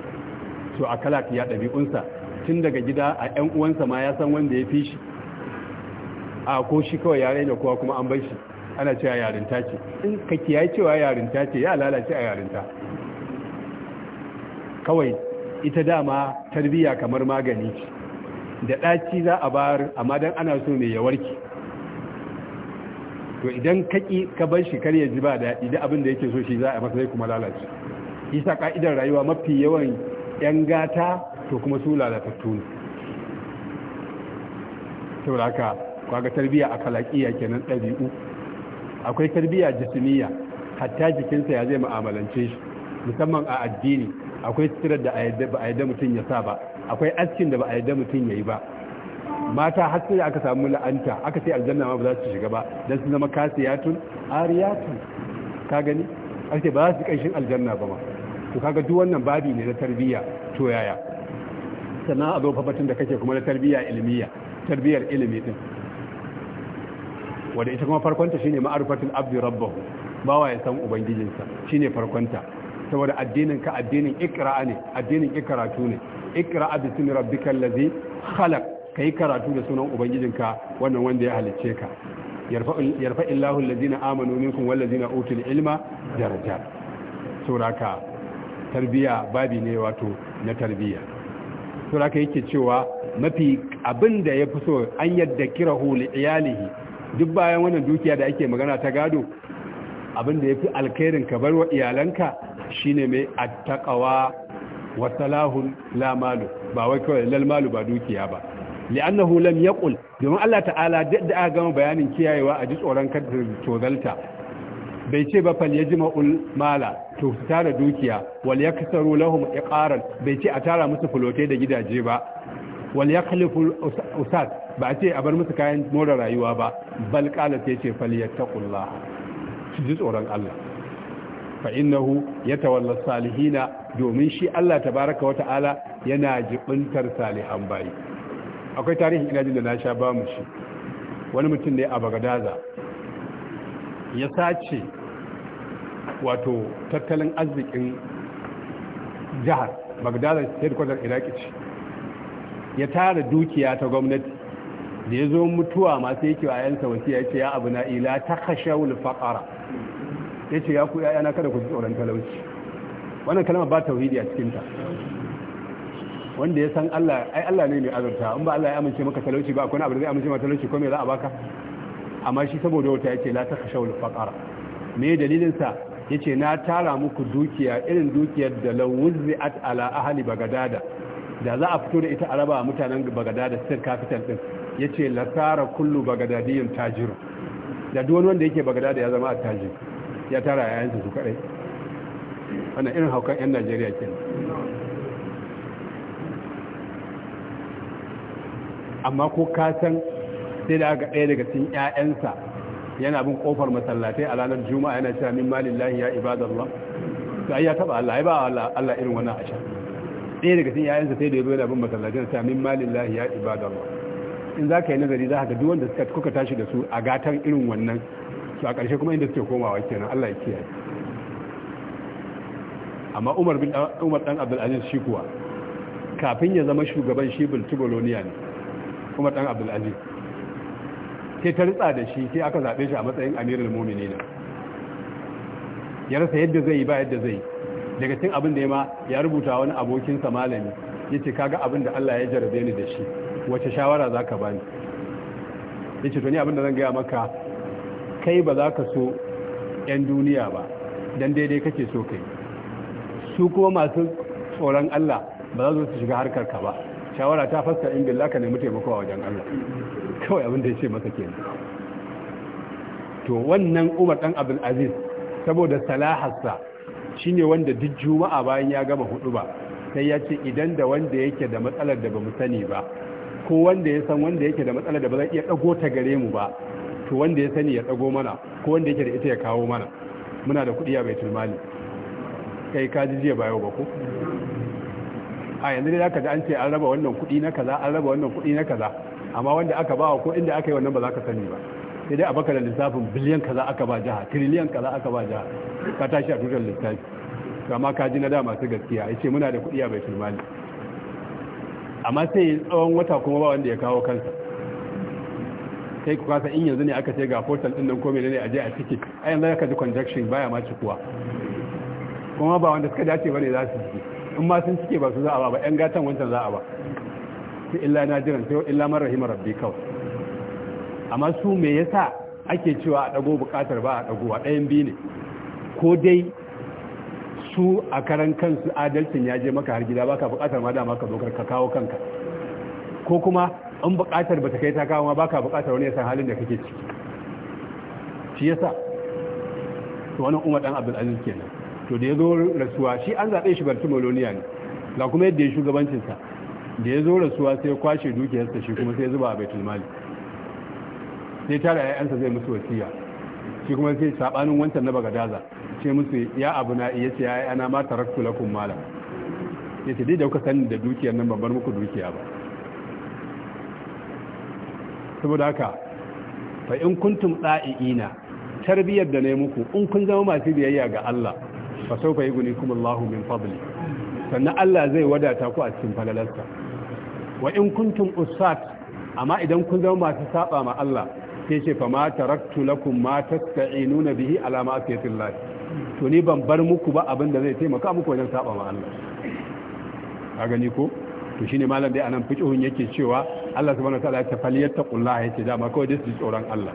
Speaker 1: so a kalak ya ɗabi'unsa tun daga gida a 'yan uwansa ma ya san wanda ya fi shi a ko shi kawai ya raina kowa kuma an bar shi ana cewa yarinta ce in ka kiyaye cewa yarinta ce ya lalace a yarinta kawai ita dama tarbiya kamar magani da ɗaci za a bar amma don ana so mai ya warke to idan ki ka bar shi kar ya ji ba da da abin da yake so shi za a masa zai kuma lalace isa ka'idar rayuwa mafi yawan yan gata to kuma su lalatattu ne saboda haka kwaga tarbiya a kalakiya kenan ɗabi'u akwai tarbiya jismiya hatta jikinsa ya zai mu'amalance shi musamman a addini akwai sitirar da ba a yadda mutum ya sa ba akwai askin da ba a yadda mutum ya yi ba mata har sai aka samu la'anta aka sai aljanna ma ba za su shiga ba don su zama kasiyatun ariyatun ka gani ake ba za su kanshin aljanna ba ma to kaga duk wannan babi ne na tarbiyya to yaya sannan a zo fafatin da kake kuma na tarbiyya ilmiya tarbiyyar ilimi din wanda ita kuma farkonta shine ma'arifatul abdi rabbahu bawa ya san ubangijinsa shine farkonta saboda addinin ka addinin ikra'a ne addinin ikaratu ne bi bismi rabbikal ladhi khalaq kai karatu da sunan ubangijinka wannan wanda ya halicce ka yarfa illahu alladhina amanu minkum ladina utul ilma darajat suraka tarbiya babi ne wato na tarbiya suraka yake cewa mafi abinda ya fi so an yadda kirahu li iyalihi duk bayan wannan dukiya da ake magana ta gado abin da yafi alkhairin ka bar wa iyalanka shine mai attaqawa wa salahun la malu ba wai kawai lal malu ba dukiya ba li'annahu lam yaqul domin Allah ta'ala da aka gama bayanin kiyayewa a ji tsoron kada tozalta bai ce ba fal yajma'ul mala to su tara dukiya wal yaksaru lahum iqaran bai ce a tara musu fulote da gidaje ba wal yakhlifu usat ba ce a bar musu kayan more rayuwa ba bal qala sai ce fal yattaqullah su ji tsoron Allah fa innahu yatawalla salihina domin shi Allah tabaraka wata'ala yana jibintar salihan bayi akwai tarihin ina jin da na sha ba mu shi wani mutum ne a Bagadaza ya sace wato tattalin arzikin jihar Bagadaza headquarter Iraki ce ya tara dukiya ta gwamnati da ya zo mutuwa masu yake a yansa ya ce ya abu na ila ta kashe wulfaƙara ya ce ya ku yana kada ku ji tsoron talauci wannan kalmar ba tauhidi a cikinta wanda ya san Allah ai Allah ne mai azurta in ba Allah ya amince maka talauci ba akwai abu da zai amince maka talauci ko me za a baka amma shi saboda wata yace la takhshawul faqara me dalilin sa yace na tara muku dukiya irin dukiyar da lawuzi'at ala ahli bagadada da za a fito da ita araba mutanen bagadada sir capital din yace la tara kullu bagadadiyin tajir da duk wanda yake bagadada ya zama tajir ya tara yayansa su kadai wannan irin haukan 'yan najeriya ke amma ko kasan sai da aka ɗaya daga cin 'ya'yansa yana bin kofar masallatai a ranar juma'a yana cewa min malillahi ya ibadallah to ai ya taba Allah ai ba Allah irin wannan asha ɗaya daga cin 'ya'yansa sai da yazo yana bin masallatai yana cewa min malillahi ya ibadallah in zaka yi nazari za ka ga duk wanda suka kuka tashi da su a gatan irin wannan su a ƙarshe kuma inda suke komawa kenan Allah ya kiyaye amma Umar bin Umar dan Abdul Aziz shi kuwa kafin ya zama shugaban shi Bultiboloniya ne Umar dan Abdul Aziz sai ta ritsa da shi sai aka zabe shi a matsayin Amirul Mu'minin ya rasa yadda zai ba yadda zai daga cikin abin da ya ma ya rubuta wani abokinsa malami yace kaga abin da Allah ya jarabe ni da shi wace shawara zaka bani yace to ni abin da zan ga maka kai ba za ka so 'yan duniya ba don daidai kake so kai su kuma masu tsoron Allah ba za su shiga harkar ka ba shawara ta fasta in billah ka nemi taimako a wajen Allah kawai abin da ya ce masa kenan to wannan Umar dan Abdul Aziz saboda salaharsa shine wanda duk juma'a bayan ya gama hudu ba sai ya ce idan da wanda yake da matsalar da bamu sani ba ko wanda ya san wanda yake da matsalar da ba zai iya dago ta gare mu ba to wanda ya sani ya tsago mana ko wanda yake da ita ya kawo mana muna da kuɗi a baitul mali kai ka ji jiya ba yau ba ko a yanzu dai zaka ji an ce an raba wannan kuɗi na kaza an raba wannan kuɗi na kaza amma wanda aka ba ko inda aka yi wannan ba za ka sani ba sai dai a baka da lissafin biliyan kaza aka ba jiha triliyan kaza aka ba jiha ka tashi a tutar lissafi amma ka ji na da masu gaskiya ya ce muna da kuɗi a baitul mali amma sai tsawon wata kuma ba wanda ya kawo kansa kai ku kasa in yanzu ne aka ce ga portal din nan ko menene aje a ciki a yanzu aka ji conjunction baya ma cikuwa kuma ba wanda suka dace bane za su ciki in ma sun cike ba su za a ba ba yan gatan wancan za a ba sai illa na jiran sai illa man rahimar rabbi kawai amma su me yasa ake cewa a dago bukatar ba a dago a ɗayan biyu ne ko dai su a karan kansu adalcin ya je maka har gida baka bukatar ma dama ka zo ka kawo kanka ko kuma an buƙatar ba ta kai ta ba ma baka buƙatar wani ya halin da kake ciki shi yasa to wannan umar dan abdul aziz kenan to da ya zo rasuwa shi an zaɓe shi bartimoloniya ne Da kuma yadda ya shugabancinsa da ya zo rasuwa sai ya kwashe dukiyarsa shi kuma sai ya zuba a baitul mali sai tara ya'yansa zai musu wasiya shi kuma sai sabanin wancan na daza. ce musu ya abu na iya ce ya'yana ma tarakku lakum mala yace dai da kuka sani da dukiyar nan ban bar muku dukiya ba saboda haka fa in kuntum da'iina tarbiyar da nayi muku in kun zama masu biyayya ga Allah fa sawfa yughnikum Allahu min fadli sannan Allah zai wadata ku a cikin falalarsa wa in kuntum usat amma idan kun zama masu saba ma Allah sai ce fa ma taraktu lakum ma tasta'inuna bihi ala ma to ni ban bar muku ba abin da zai taimaka muku wajen saba ma Allah a gani ko to shine malam dai anan fiqhun yake cewa Allah subhanahu wataala ya falyattaqullaha yace dama kawai dai su tsoron Allah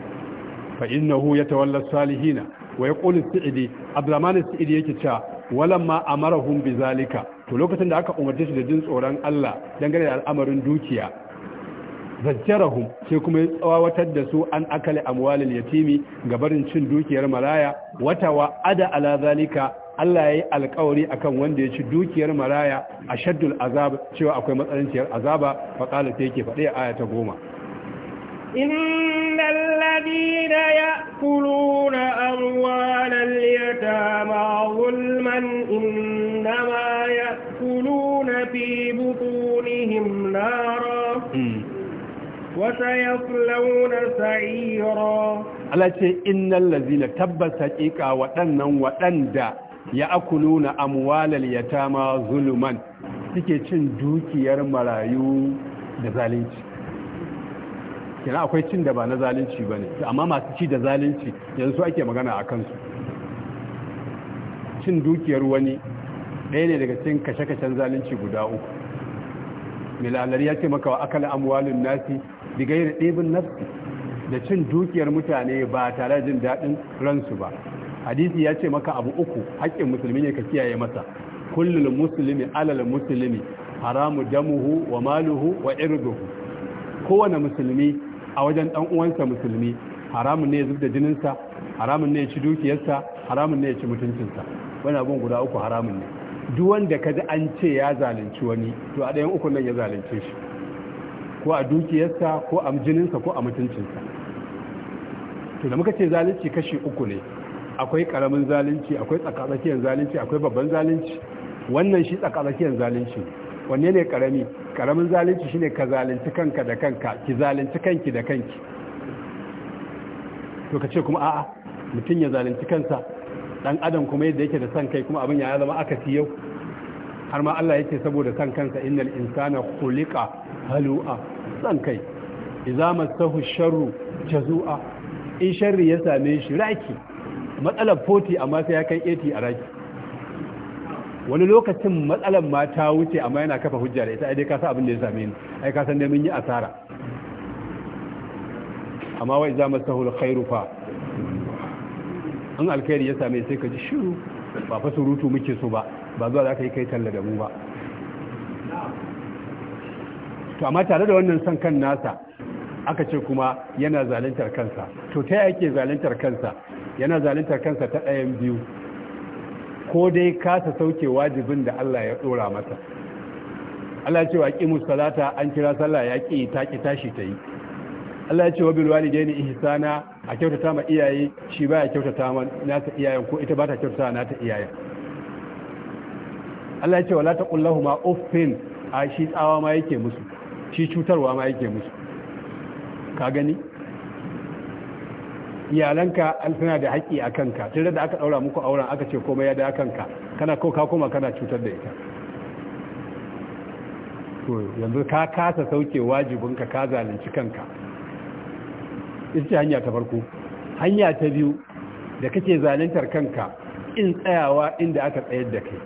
Speaker 1: fa innahu yatawalla salihina wa yaqulu sa'idi abdurrahman sa'idi yake cewa walamma amarahum bizalika to lokacin da aka umarce su da jin tsoron Allah dangane da al'amarin dukiya zajjarahum sai kuma ya tsawatar da su an akali amwalil yatimi ga barin cin dukiyar malaya wata wa ada ala zalika Allah ya yi alkawari akan wanda ya ci dukiyar maraya a shaddul azab cewa akwai matsalanciyar azaba faƙalar ta yake faɗi a aya ta goma
Speaker 2: إن الذين يأكلون أموال اليتامى ظلما إنما يأكلون في بطونهم نارا وسيصلون سعيرا
Speaker 1: Allah ce innal lazina tabbas haƙiƙa waɗannan waɗanda ya akuluna amwalal yatama zuluman suke cin dukiyar marayu da zalunci kina akwai cin da ba na zalunci bane amma masu ci da zalunci yanzu ake magana a kansu cin dukiyar wani ɗaya ne daga cikin kashe-kashen zalunci guda uku milalari ya ce maka wa akala amwalin nasi bigayar ɗibin nafsi da cin dukiyar mutane ba tare jin daɗin ransu ba hadisi ya ce maka abu uku haƙƙin musulmi ne ka kiyaye masa kullul muslimi alal muslimi haramu damuhu wa maluhu wa irduhu kowane musulmi a wajen dan uwansa musulmi haramun ne ya zubda jininsa haramun ne ya ci dukiyarsa haramun ne ya ci mutuncinsa wani abun guda uku haramun ne duk wanda ka ji an ce ya zalunci wani to a ɗayan uku nan ya zalunce shi ko a dukiyarsa ko a jininsa ko a mutuncinsa to da muka ce zalunci kashi uku ne akwai karamin zalunci akwai tsakatsakiyar zalunci akwai babban zalunci wannan shi tsakatsakiyar zalunci wanne ne karami karamin zalunci shine ka zalunci kanka da kanka ki zalunci kanki da kanki to ka ce kuma a'a mutum ya zalunci kansa dan adam kuma yadda yake da san kai kuma abin ya zama aka fi yau har ma Allah yake saboda san kansa innal insana khuliqa halu'a san kai idza massahu sharru jazua in sharri ya same shi raki matsalar 40 amma sai ya kai 80 a raki wani lokacin matsalar ma ta wuce amma yana kafa hujja da ita ai dai ka san abin da ya same ni ai ka san dai mun yi asara amma wai za masahu alkhairu fa an alkhairi ya same sai ka ji shiru ba fa surutu muke so ba ba zuwa za ka yi kai talla da mu ba to amma tare da wannan san kan nasa aka ce kuma yana zalintar kansa to ta yake zalintar kansa yana zaluntar kansa ta ɗayan biyu ko dai kasa sauke wajibin da Allah ya ɗora mata Allah ce wa ƙimu salata an kira sallah ya ƙi ta ƙi tashi ta yi Allah ya ce wa bilwali dai ni ihsana a kyautata ma iyaye shi ba ya kyautata ma nasa iyayen ko ita ba ta kyautata nata iyayen Allah ya ce wala taqullahu ma uffin a shi tsawa ma yake musu shi cutarwa ma yake musu ka gani iyalanka an suna da haƙƙi a kanka tun da aka ɗaura muku auren aka ce komai ya da kanka kana ko ka koma kana cutar da ita to yanzu ka kasa sauke wajibinka ka zalunci kanka ita hanya ta farko hanya ta biyu da kake zaluntar kanka in tsayawa inda aka tsayar da kai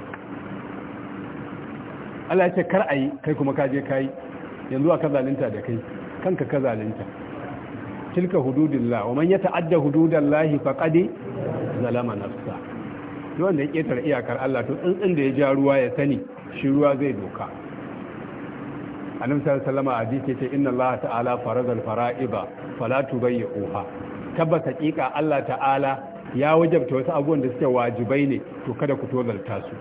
Speaker 1: Allah ya ce kar ayi kai kuma ka je kai yanzu aka zalunta da kai kanka ka zalunta tilka hududillah wa man yata'adda hududallahi faqad zalama nafsa duk wanda ya ketare iyakar Allah to tsintsin da ya ja ruwa ya sani shi ruwa zai doka annabi sallallahu alaihi ce inna Allah ta'ala farazal fara'iba fala tubayyi'uha tabbata hakika Allah ta'ala ya wajabta wasu abubuwan da suke wajibai ne to kada ku tozalta su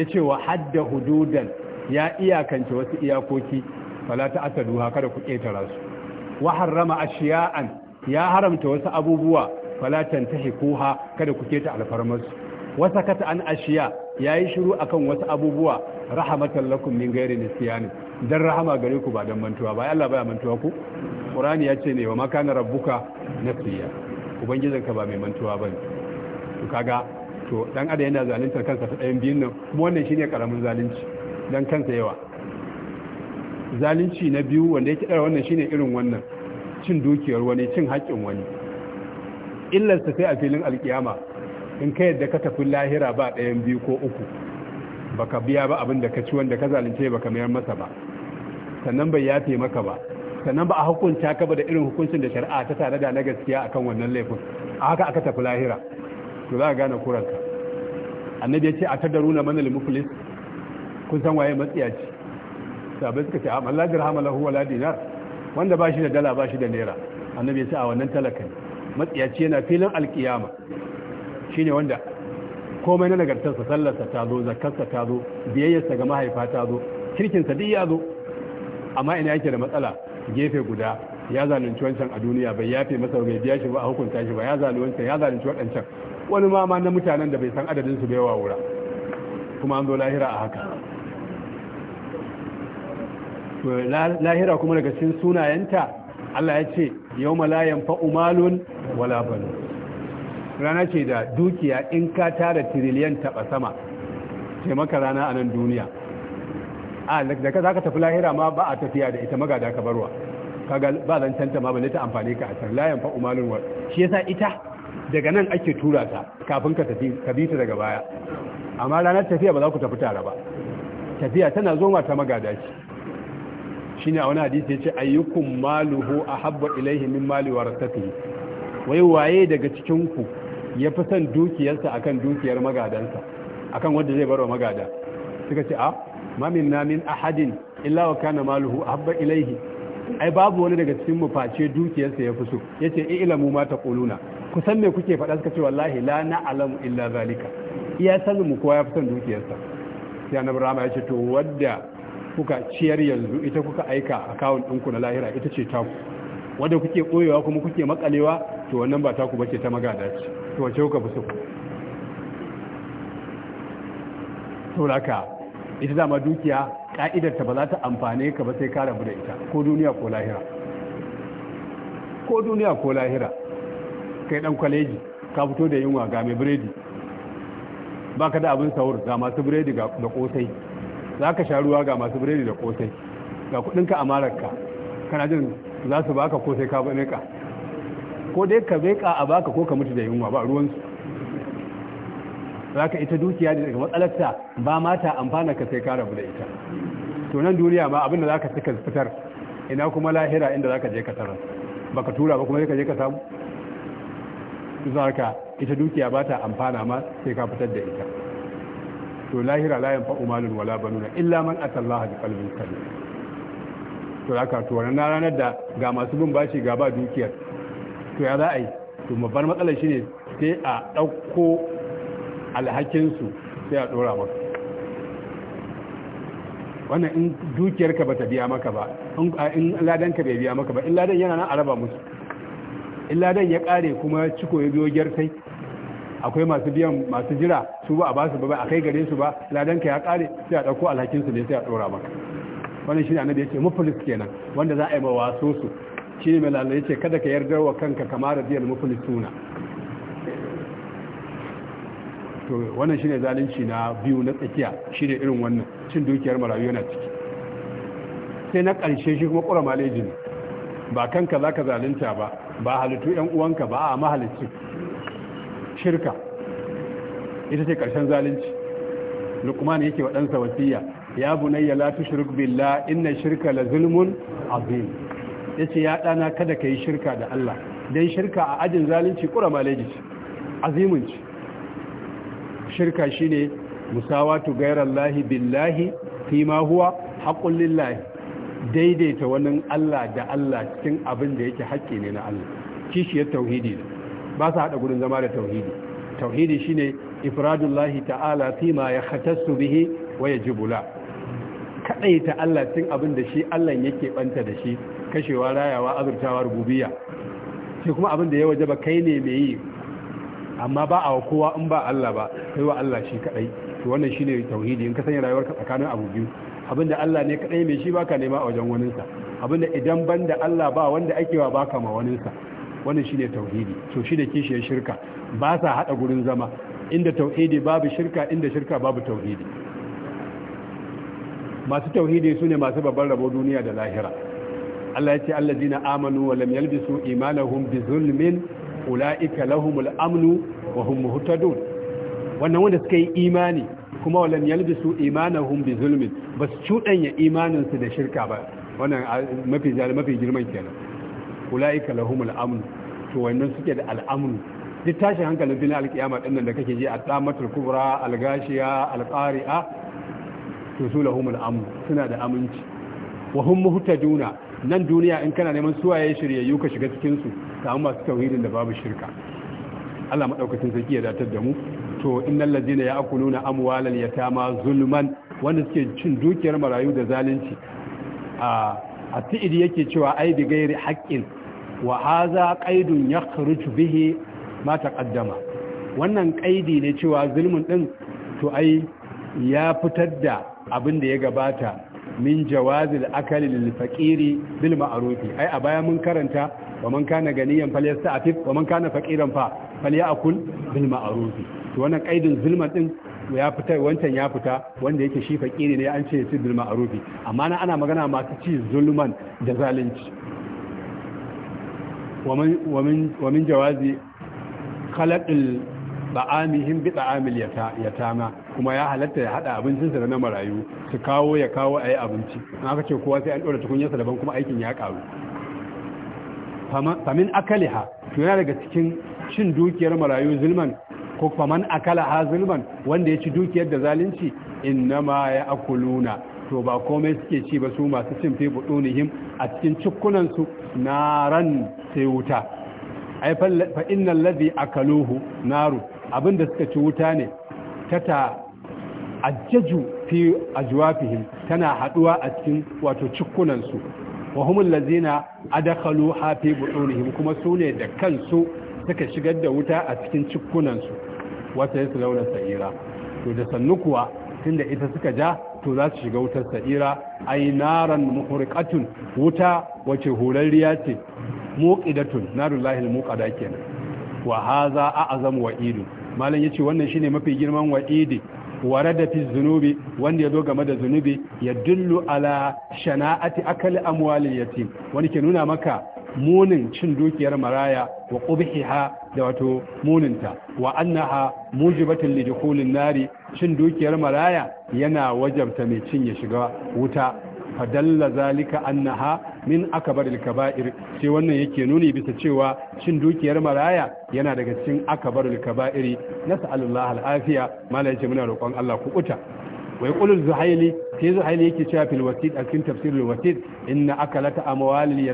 Speaker 1: yace wa hadda hududan ya iyakance wasu iyakoki fala ta'taduha kada ku ketara su wa harrama ashiya'an ya haramta wasu abubuwa fala tantahikuha kada ku ta alfarmarsu wa sakata an ashiya yi shiru akan wasu abubuwa rahmatan lakum min ghairi nisyan dan rahama gare ku ba dan mantuwa ba Allah baya mantuwa ku Qur'ani ya ce ne wa makana rabbuka nasiya ka ba mai mantuwa ne. to kaga to dan adam yana zaluntar kansa ta ɗayan biyun nan kuma wannan shine karamin zalunci dan kansa yawa zalunci na biyu wanda yake dara wannan shine irin wannan cin dukiyar wani cin haƙƙin wani illarsa sai a filin alkiyama in ka yadda ka tafi lahira ba ɗayan biyu ko uku baka biya ba abin da ka ci wanda ka zalunce baka mayar masa ba sannan bai yafe maka ba sannan ba a hukunta ka ba da irin hukuncin da shari'a ta tare da na gaskiya akan wannan laifin a haka aka tafi lahira to za a gane kuranka annabi ya ce a tadaruna manal muflis kun san waye matsiyaci sabai suka ce a man lajir hamala huwa la wanda ba shi da dala ba shi da naira annabi ya ce a wannan talakan matsiyaci yana filin alkiyama shine wanda komai na nagartar nagartarsa sallarsa ta zo sa ta zo biyayyarsa ga mahaifa ta zo sa duk ya zo amma ina yake da matsala gefe guda ya zalunci wancan a duniya bai yafe masa bai biya shi ba a hukunta shi ba ya zalunci wancan ya zalunci waɗancan wani ma na mutanen da bai san adadin su bai wura kuma an zo lahira a haka lahira kuma daga cikin sunayenta Allah ya ce yau malayan umalun wala banu rana ce da dukiya in ka tara tiriliyan taɓa sama ce maka rana a nan duniya a da ka zaka tafi lahira ma ba a tafiya da ita magada ka barwa kaga ba zan zancanta ma balle ta amfani ka a can layan umalun wa shi yasa ita daga nan ake tura ta kafin ka tafi ka bi ta daga baya amma ranar tafiya ba za ku tafi tare ba tafiya tana zo ma ta magada ce shine a wani hadisi yace ayyukum maluhu ahabba ilaihi min mali warasatihi wai waye daga cikin ku fi son dukiyarsa akan dukiyar magadansa akan wanda zai barwa magada suka ce a ma na min ahadin illa wa kana maluhu ahabba ilaihi ai babu wani daga cikin mu face dukiyarsa fi so yace i ilamu ma taquluna san me kuke faɗa suka ce wallahi la na alamu illa zalika iya sanin mu kowa fi son dukiyarsa sai annabi rama ce to wanda kuka ciyar yanzu ita kuka aika akawun ɗinku na lahira ita ce taku wadda kuke ɓoyewa kuma kuke makalewa to wannan ba taku bace ta magada ce to wace kuka fi so sauraka ita dama dukiya ka'idarta ba za ta amfane ka ba sai ka rabu da ita ko duniya ko lahira ko duniya ko lahira kai dan kwaleji ka fito da yunwa ga mai biredi ba ka da abin sahur ga masu biredi da kosai za ka sha ruwa ga masu biredi da kosai ga kudinka a mararka kana jin za su baka kosai ka bane ko dai ka beka a baka ko ka mutu da yunwa ba ruwansu za ka ita dukiya da matsalarta ba mata amfana ka sai ka rabu da ita to nan duniya ma abinda za ka suka fitar ina kuma lahira inda za ka je ka tarar ka tura ba kuma ka je ka samu za ka ita dukiya ba ta amfana ma sai ka fitar da ita to lahira la yanfa'u malun wala banuna illa man atallaha bi qalbin salim to haka to wannan ranar da ga masu bin bashi ga ba dukiyar to ya za a yi to babbar matsalar shine sai a dauko alhakin su sai a dora maka wannan in dukiyar ka bata biya maka ba in ladan ka bai biya maka ba in ladan yana nan araba musu in ladan ya kare kuma ciko ya biyo kai akwai masu biyan masu jira su ba a basu ba a kai gare su ba ladan ka ya kare sai a dauko alhakin su ne sai a dora maka wannan shine annabi yace mufulis kenan wanda za a yi ba waso su shine mai lalle yace kada ka yarda wa kanka kamar biyan muflisuna to wannan shine zalunci na biyu na tsakiya shine irin wannan cin dukiyar marayu yana ciki sai na ƙarshe shi kuma kura malejin ba kanka za ka zalunta ba ba halittu 'yan uwanka ba a mahalicci shirka ita ce ƙarshen zalunci lukman yake wa ɗansa wasiya ya bunayya la tushrik billah inna shirka la zulmun azim yace ya ɗana kada ka yi shirka da Allah dan shirka a ajin zalunci kura maleji azimin ci shirka shine musawatu ghayrallahi billahi fi ma huwa haqqul lillahi daidaita wani Allah da Allah cikin abin da yake haƙƙi ne na Allah kishiyar tauhidi ne ba su haɗa gudun zama da tauhidi tauhidi shine ifradullahi ta'ala ma ya khatassu bihi wa bula. Kaɗai ta Allah cin abin da shi Allah yake banta da shi kashewa rayawa azurtawa rububiyya shi kuma abin da ya wajaba kai ne mai yi amma ba a kowa in ba Allah ba kai wa Allah shi kadai to wannan shine tauhidi in ka sanya rayuwarka tsakanin abu biyu abinda Allah ne kadai mai shi baka nema a wajen waninsa abinda idan banda Allah ba wanda ake wa baka ma waninsa wannan shine tauhidi to shi kishiyar shirka ba sa hada gurin zama inda tauhidi babu shirka inda shirka babu tauhidi masu tauhidi sune masu babban rabo duniya da lahira Allah ya ce allazina amanu wa lam yalbisu imanahum bi zulmin ulaika lahumul amnu wa hum muhtadun wannan wanda suka yi imani kuma wa lam yalbisu imanahum bi zulmin bas cudanya imanin su da shirka ba wannan mafi mafi girman kenan ula'ika al amn to wannan suke da al-amn duk tashin hankalin filin alkiyama din nan da kake ji a tsamatul kubra al-qari'a to su al amn suna da aminci wa hum muhtaduna nan duniya in kana neman suwaye shiryayyu ka shiga cikin su amma masu tauhidin da babu shirka Allah madaukakin sarki ya datar da mu to innal ladina ya'kuluna amwalal yatama zulman wanda suke cin dukiyar marayu da zalunci a atidi yake cewa ai bi gairi haqqin wa haza qaidun yakhruju bihi ma taqaddama wannan ƙaidi ne cewa zulmun ɗin, to ai ya fitar da abin da ya gabata min jawazil akali lil faqiri bil ma'rufi ai a baya mun karanta wa man kana ganiyan falyasta'fif wa man kana faqiran fa falyakul bil ma'rufi to wannan qaidin zulman din ya fita wancan ya fita wanda yake shi fakiri ne an ce ya ci bil ma'rufi amma ana magana masu ci zulman da zalunci wa min jawazi khalaqil ba'amihim bi ta'amil yatama kuma ya halatta ya hada abincinsa da na marayu su kawo ya kawo ayi abinci na aka ce kowa sai an dora tukunyarsa daban kuma aikin ya karu famin akaliha to yana daga cikin cin dukiyar marayu zulman ko faman akalaha zulman wanda ya ci dukiyar da zalunci innama ya akuluna to ba komai suke ci ba su masu cin fi budunihim a cikin cikkunansu naran sai wuta ai fa innal ladhi akaluhu naru abinda suka ci wuta ne tata ajjaju fi ajwafihim tana haduwa a cikin wato cikkunan su wa humul ladzina adkhaluha fi butunihim kuma sune da kansu suka shigar da wuta a cikin cikkunan su wata yasu launa sa'ira to da sannu kuwa tunda ita suka ja to za su shiga wutar sa'ira ai naran muhriqatun wuta wace horarriya ce muqidatun narullahi almuqada kenan wa hadha a'zam wa'id malam yace wannan shine mafi girman wa'idi warada fi zunubi wanda ya zo game da zunubi ya dullu ala shana'ati akali amwalil yatim wani ke nuna maka munin cin dukiyar maraya wa qubhiha da wato muninta wa annaha mujibatin li dukhulin nari cin dukiyar maraya yana wajabta mai cin ya shiga wuta fadalla zalika annaha min akbaril kaba'ir sai wannan yake nuni bisa cewa cin dukiyar maraya yana daga cikin akbaril kaba'iri nas'alullahi al'afiya mala muna roƙon Allah ku kuta wai kulul zuhaili sai zuhaili yake cewa fil wasid a cikin tafsirul wasid inna akalata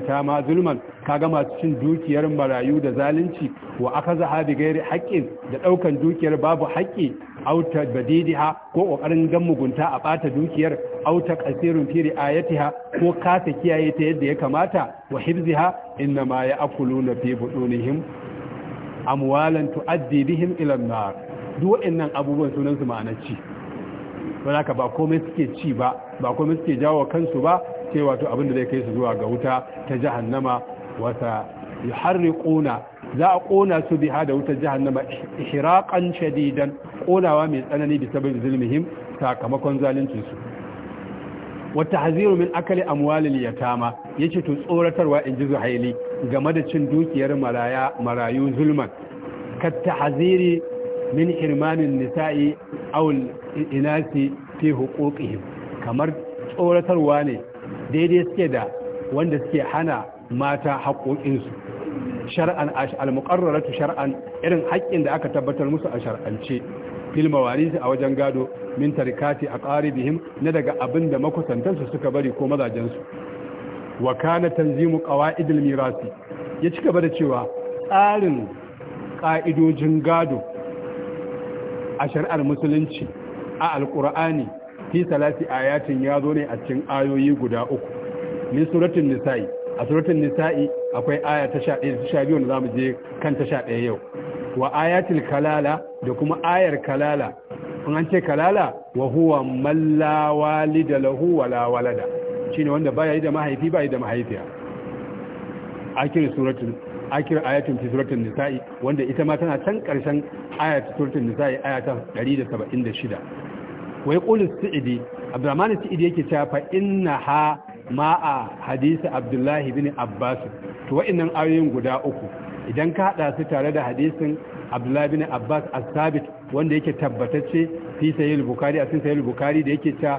Speaker 1: ta ma zulman kaga masu cin dukiyar marayu da zalunci wa akazaha bi gairi haqqin da ɗaukan dukiyar babu haƙƙi auta badidiha ko ƙoƙarin gan mugunta a bata dukiyar auta kasirun fi riayatiha ko kasa kiyaye ta yadda ya kamata wa hibziha inna ma ya'kuluna fi budunihim amwalan tuaddi bihim ila nar duk waɗannan abubuwan sunan su ma'anarci don ba komai suke ci ba ba komai suke jawo kansu ba sai wato abin da zai kai su zuwa ga wuta ta jahannama wata kona za a kona su biha da wutar jahannama ihraqan shadidan konawa mai tsanani bi bai zulmihim sakamakon zaluncin su wata haziru min akali amwalil yatama yace to tsoratarwa ji zuhaili game da cin dukiyar maraya marayu zulman kat haziri min hirmanin nisa'i aul. ina fi huquqihim kamar tsoratarwa ne daidai suke da wanda suke hana mata haƙoƙinsu shar'an al-muqarraratu shar'an irin haƙƙin da aka tabbatar musu a shar'ance fil mawarisi a wajen gado min tarikati aqaribihim na daga abinda da makusantansu suka bari ko mazajensu wa kana tanzimu qawaidil mirasi ya ci gaba da cewa tsarin ƙa'idojin gado a shari'ar musulunci a alkur'ani fi salati ayatin ya zo ne a cikin ayoyi guda uku Ni suratul nisa'i a suratul nisa'i akwai aya ta 11 da 12 wanda zamu je kan ta 11 yau wa ayatul kalala da kuma ayar kalala in an ce kalala wa huwa malla walida lahu wala walada shine wanda baya yi da mahaifi baya yi da mahaifiya akin suratul kira ayatun fi suratul nisa'i wanda ita ma tana can karshen ayatun suratul nisa'i ayatan 176 wai qulu sa'idi abdurrahman sa'idi yake cewa fa ha ma'a hadisi abdullahi bin abbas to wa'annan ayoyin guda uku idan ka hada su tare da hadisin abdullahi bin abbas as-sabit wanda yake tabbatacce fi sahih bukhari a cikin sahih bukhari da yake cewa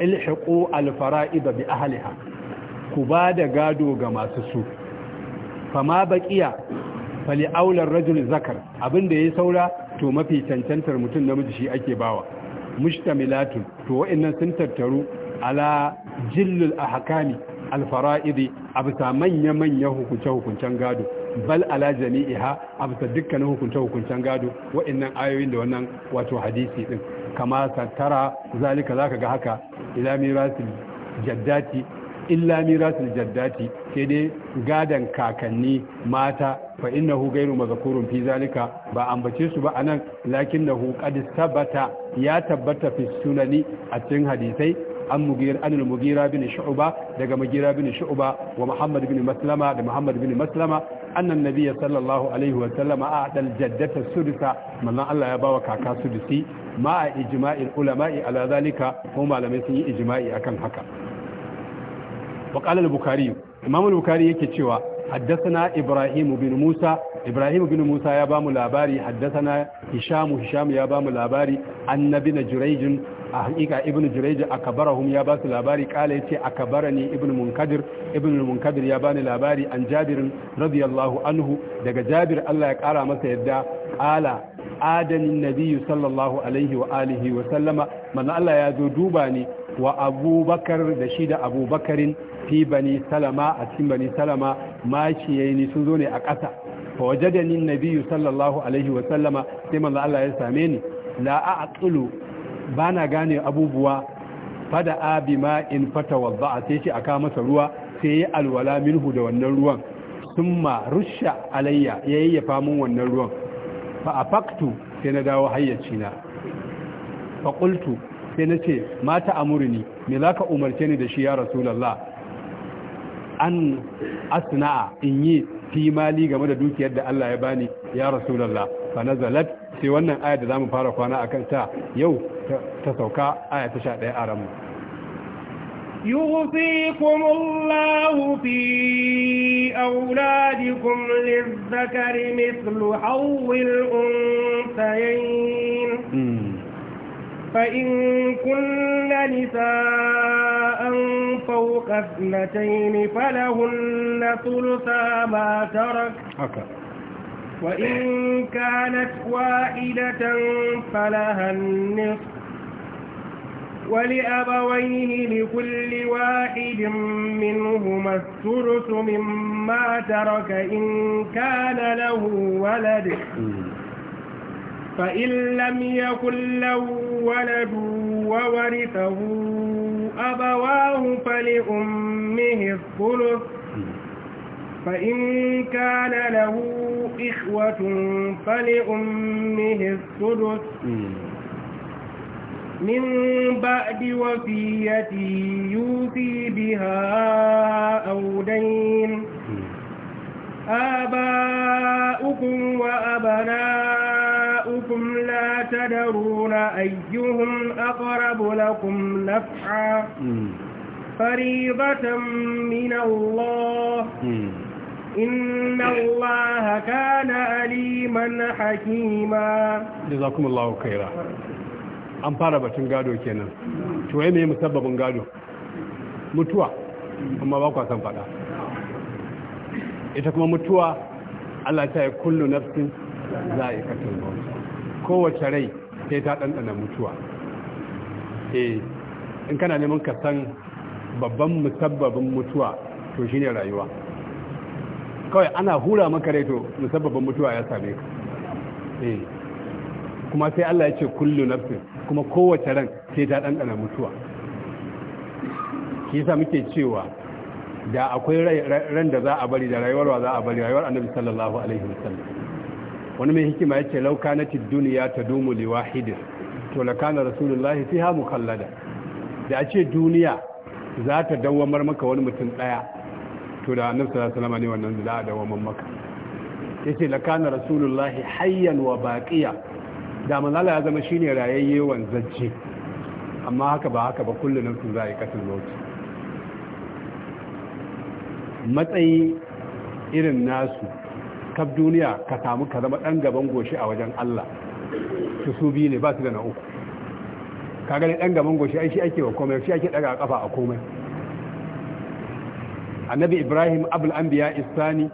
Speaker 1: ilhiqu al-fara'id bi ahliha ku ba da gado ga masu su fama baqiya fali aular rajul zakar abinda yayi saura to mafi cancantar mutum namiji shi ake bawa mushtamilatun to wa'annan sun tattaru ala jillul ahkami alfara'idi abisa manya-manya hukunce-hukuncen gado bal ala jami'iha abisa dukkanin hukunce-hukuncen gado wa'annan ayoyin da wannan wato hadisi din kama tattara zalika zaka ga haka ila mirasil jaddati illa mirasil jaddati sai dai gadan kakanni mata fa innahu gairu mazkurun fi zalika ba ambace su ba anan lakinnahu qad sabata ya tabbata fi sunani a cikin hadisai an mugir anil mugira bin shu'ba daga mugira bin shu'ba wa muhammad bin maslama da muhammad bin maslama anna nabiyya sallallahu alaihi wa sallama a dal jaddata sudusa mallan Allah ya bawa kaka sudusi ma a ijma'il ulama'i ala zalika ko malamai sun yi ijma'i akan haka wa qala al-bukhari imamul bukari yake cewa haddasana ibrahim bin musa ibrahim bin musa ya bamu labari haddasana hisham hisham ya bamu labari annabi na jurayj a hakika ibn jurayj akbarahum ya basu labari kala yace akbarani ibn munkadir ibn munkadir ya bani labari an jabirin radiyallahu anhu daga jabir Allah ya kara masa yadda ala adanin nabiyyu sallallahu alaihi wa alihi wa sallama manzo Allah ya zo duba ni wa abubakar da shi da abubakarin fi bani salama a cikin bani salama ni sun zo ne a ƙasa fa wajadani nabiyyu sallallahu alaihi wa sallama sai manzo Allah ya same ni la ba bana gane abubuwa fada abi ma in fata a sai shi aka masa ruwa sai ya alwala minhu da wannan ruwan summa rusha alayya yayyafa mun wannan ruwan fa afaktu sai na dawo hayyaci na fa qultu sai na ce mata amurni me zaka umarce ni da shi ya rasulullah an asna'a in yi fi mali game da dukiyar da Allah ya bani ya rasulullah fa nazalat sai wannan aya da zamu fara kwana akan ta yau ta sauka aya ta 11 a ranmu
Speaker 2: يوصيكم الله في أولادكم للذكر مثل حو الأنثيين فإن كن نساء فوق اثنتين فلهن ثلثا ما ترك وإن كانت واحدة فلها النصف ولأبويه لكل واحد منهما الثلث مما ترك إن كان له ولد فإن لم يكن له ولد وورثه أبواه فلأمه الثلث فإن كان له إخوة فلأمه السدس من بعد وفيته يوفي بها أو دين آباؤكم وأبناؤكم لا تدرون أيهم أقرب لكم نفعا فريضة من الله إن الله كان أليما حكيما
Speaker 1: جزاكم الله خيرا an fara batun gado kenan tuwai mai musabbabin gado mutuwa amma ba kwasan fada ita kuma mutuwa Allah ta yi kullu nafsin za'iqatul maut kowace rai sai ta ɗanɗana mutuwa eh in kana neman ka san babban musabbabin mutuwa to shi ne rayuwa kawai ana hura maka rai to musabbabin mutuwa ya same ka eh kuma sai Allah ya ce kullu nafsin kuma kowace ran sai ta ɗanɗana mutuwa shi yasa muke cewa da akwai ran da za a bari da rayuwar wa za a bari rayuwar annabi sallallahu alaihi wasallam wani mai hikima ya ce lauka na duniya ta dunya tadumu liwahidin to la kana rasulullahi fiha mukallada da a ce duniya za ta dawamar maka wani mutum daya to da annabi sallallahu alaihi wasallam ne wannan za a dawamar maka yace la kana rasulullahi hayyan wa baqiya da manzala ya zama shine rayayye wanzacce amma haka ba haka ba kullu nafsin sun a yi katil matsayi irin nasu kaf duniya ka samu ka zama ɗan gaban goshi a wajen Allah su su biyu ne ba su da na uku ka gani ɗan gaban goshi ai shi ake wa komai shi ake ɗaga kafa a komai annabi ibrahim abul anbiya isani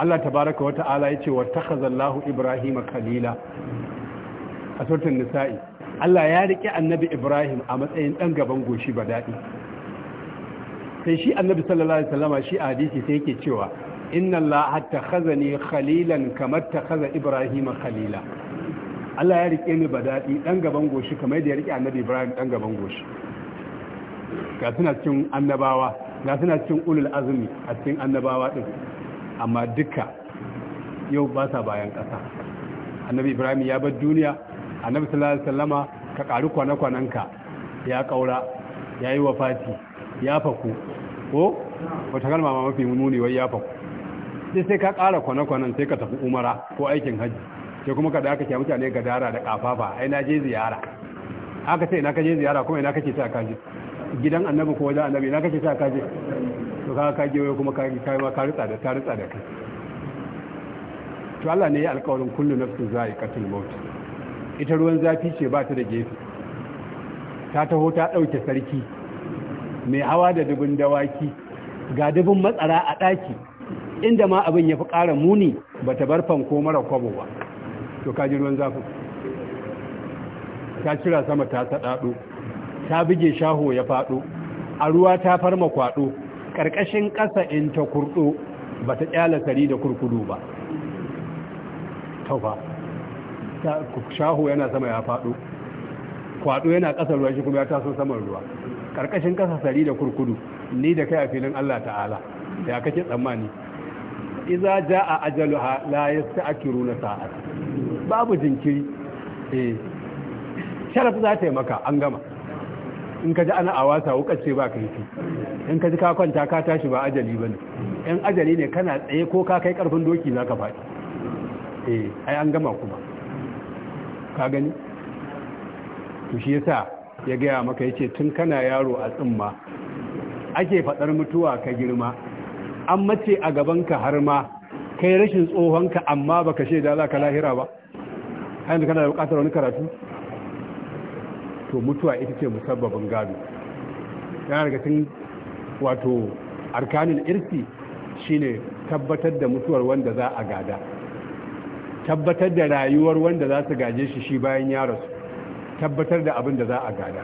Speaker 1: Allah tabaraka wa ta'ala yace wa takhaza Allahu ibrahima khalila a suratul nisa'i Allah ya rike annabi ibrahim a matsayin ɗan gaban goshi ba daɗi sai shi annabi sallallahu alaihi wasallama shi a hadisi sai yake cewa inna allaha takhazani khalilan kamar takhaza ibrahima khalila Allah ya rike ni badadi dan gaban goshi kamar da ya rike annabi ibrahim dan gaban goshi ga suna cikin annabawa ga suna cikin ulul azumi a cikin annabawa din amma duka yau ba sa bayan kasa annabi ibrahim ya bar duniya annabi sallallahu alaihi wasallama ka karu kwana-kwananka ya kaura ya yi wafati ya faku ko wata kalma ma mafi muni wai ya faku sai sai ka ƙara kwana-kwanan sai ka tafi umara ko aikin hajji sai kuma ka da aka ce mutane ga dara da kafafa ai na je ziyara aka ce ina ka je ziyara kuma ina kake sa ka je gidan annabi ko wajen annabi ina kake sa ka je to ka ka je kuma ka kai ma ka ritsa da ka ritsa da kai to Allah ne ya alƙawarin kullu nafsin za'iqatul maut ita ruwan zafi ce ba ta da gefe ta taho ta dauke sarki mai hawa da dubin dawaki ga dubin matsara a ɗaki inda ma abin ya fi ƙara muni ba ta bar fanko mara kwabo ba to kaji ruwan zafi ta cira sama ta saɗaɗo ta bige shaho ya faɗo a ruwa ta farma kwaɗo ƙarƙashin ƙasa in ta kurɗo ba ta ƙyala sari da kurkudu ba taufa shaho yana sama ya faɗo kwaɗo yana ƙasar ruwa shi kuma ya taso saman ruwa karkashin kasa sari da kurkudu ni da kai a filin Allah ta'ala ya kake tsammani iza jaa ajaluha la yasta'kiruna sa'at babu jinkiri eh sharaf za ta yi maka an gama in ka ji ana awasa wuka ce ba kaifi in ka ji ka kwanta ka tashi ba ajali bane in ajali ne kana tsaye ko ka kai karfin doki zaka faɗi eh ai an gama kuma ka gani to shi yasa ya gaya maka ya ce tun kana yaro a tsimma ake faɗar mutuwa ka girma an mace a gabanka har ma kai rashin tsohonka amma ba ka shaida za ka lahira ba hanyar kana da bukatar wani karatu to mutuwa ita ce musabbabin gado yana daga tun wato arkanin shi shine tabbatar da mutuwar wanda za a gada tabbatar da rayuwar wanda za su gaje shi shi bayan ya rasu tabbatar da abin da za a gada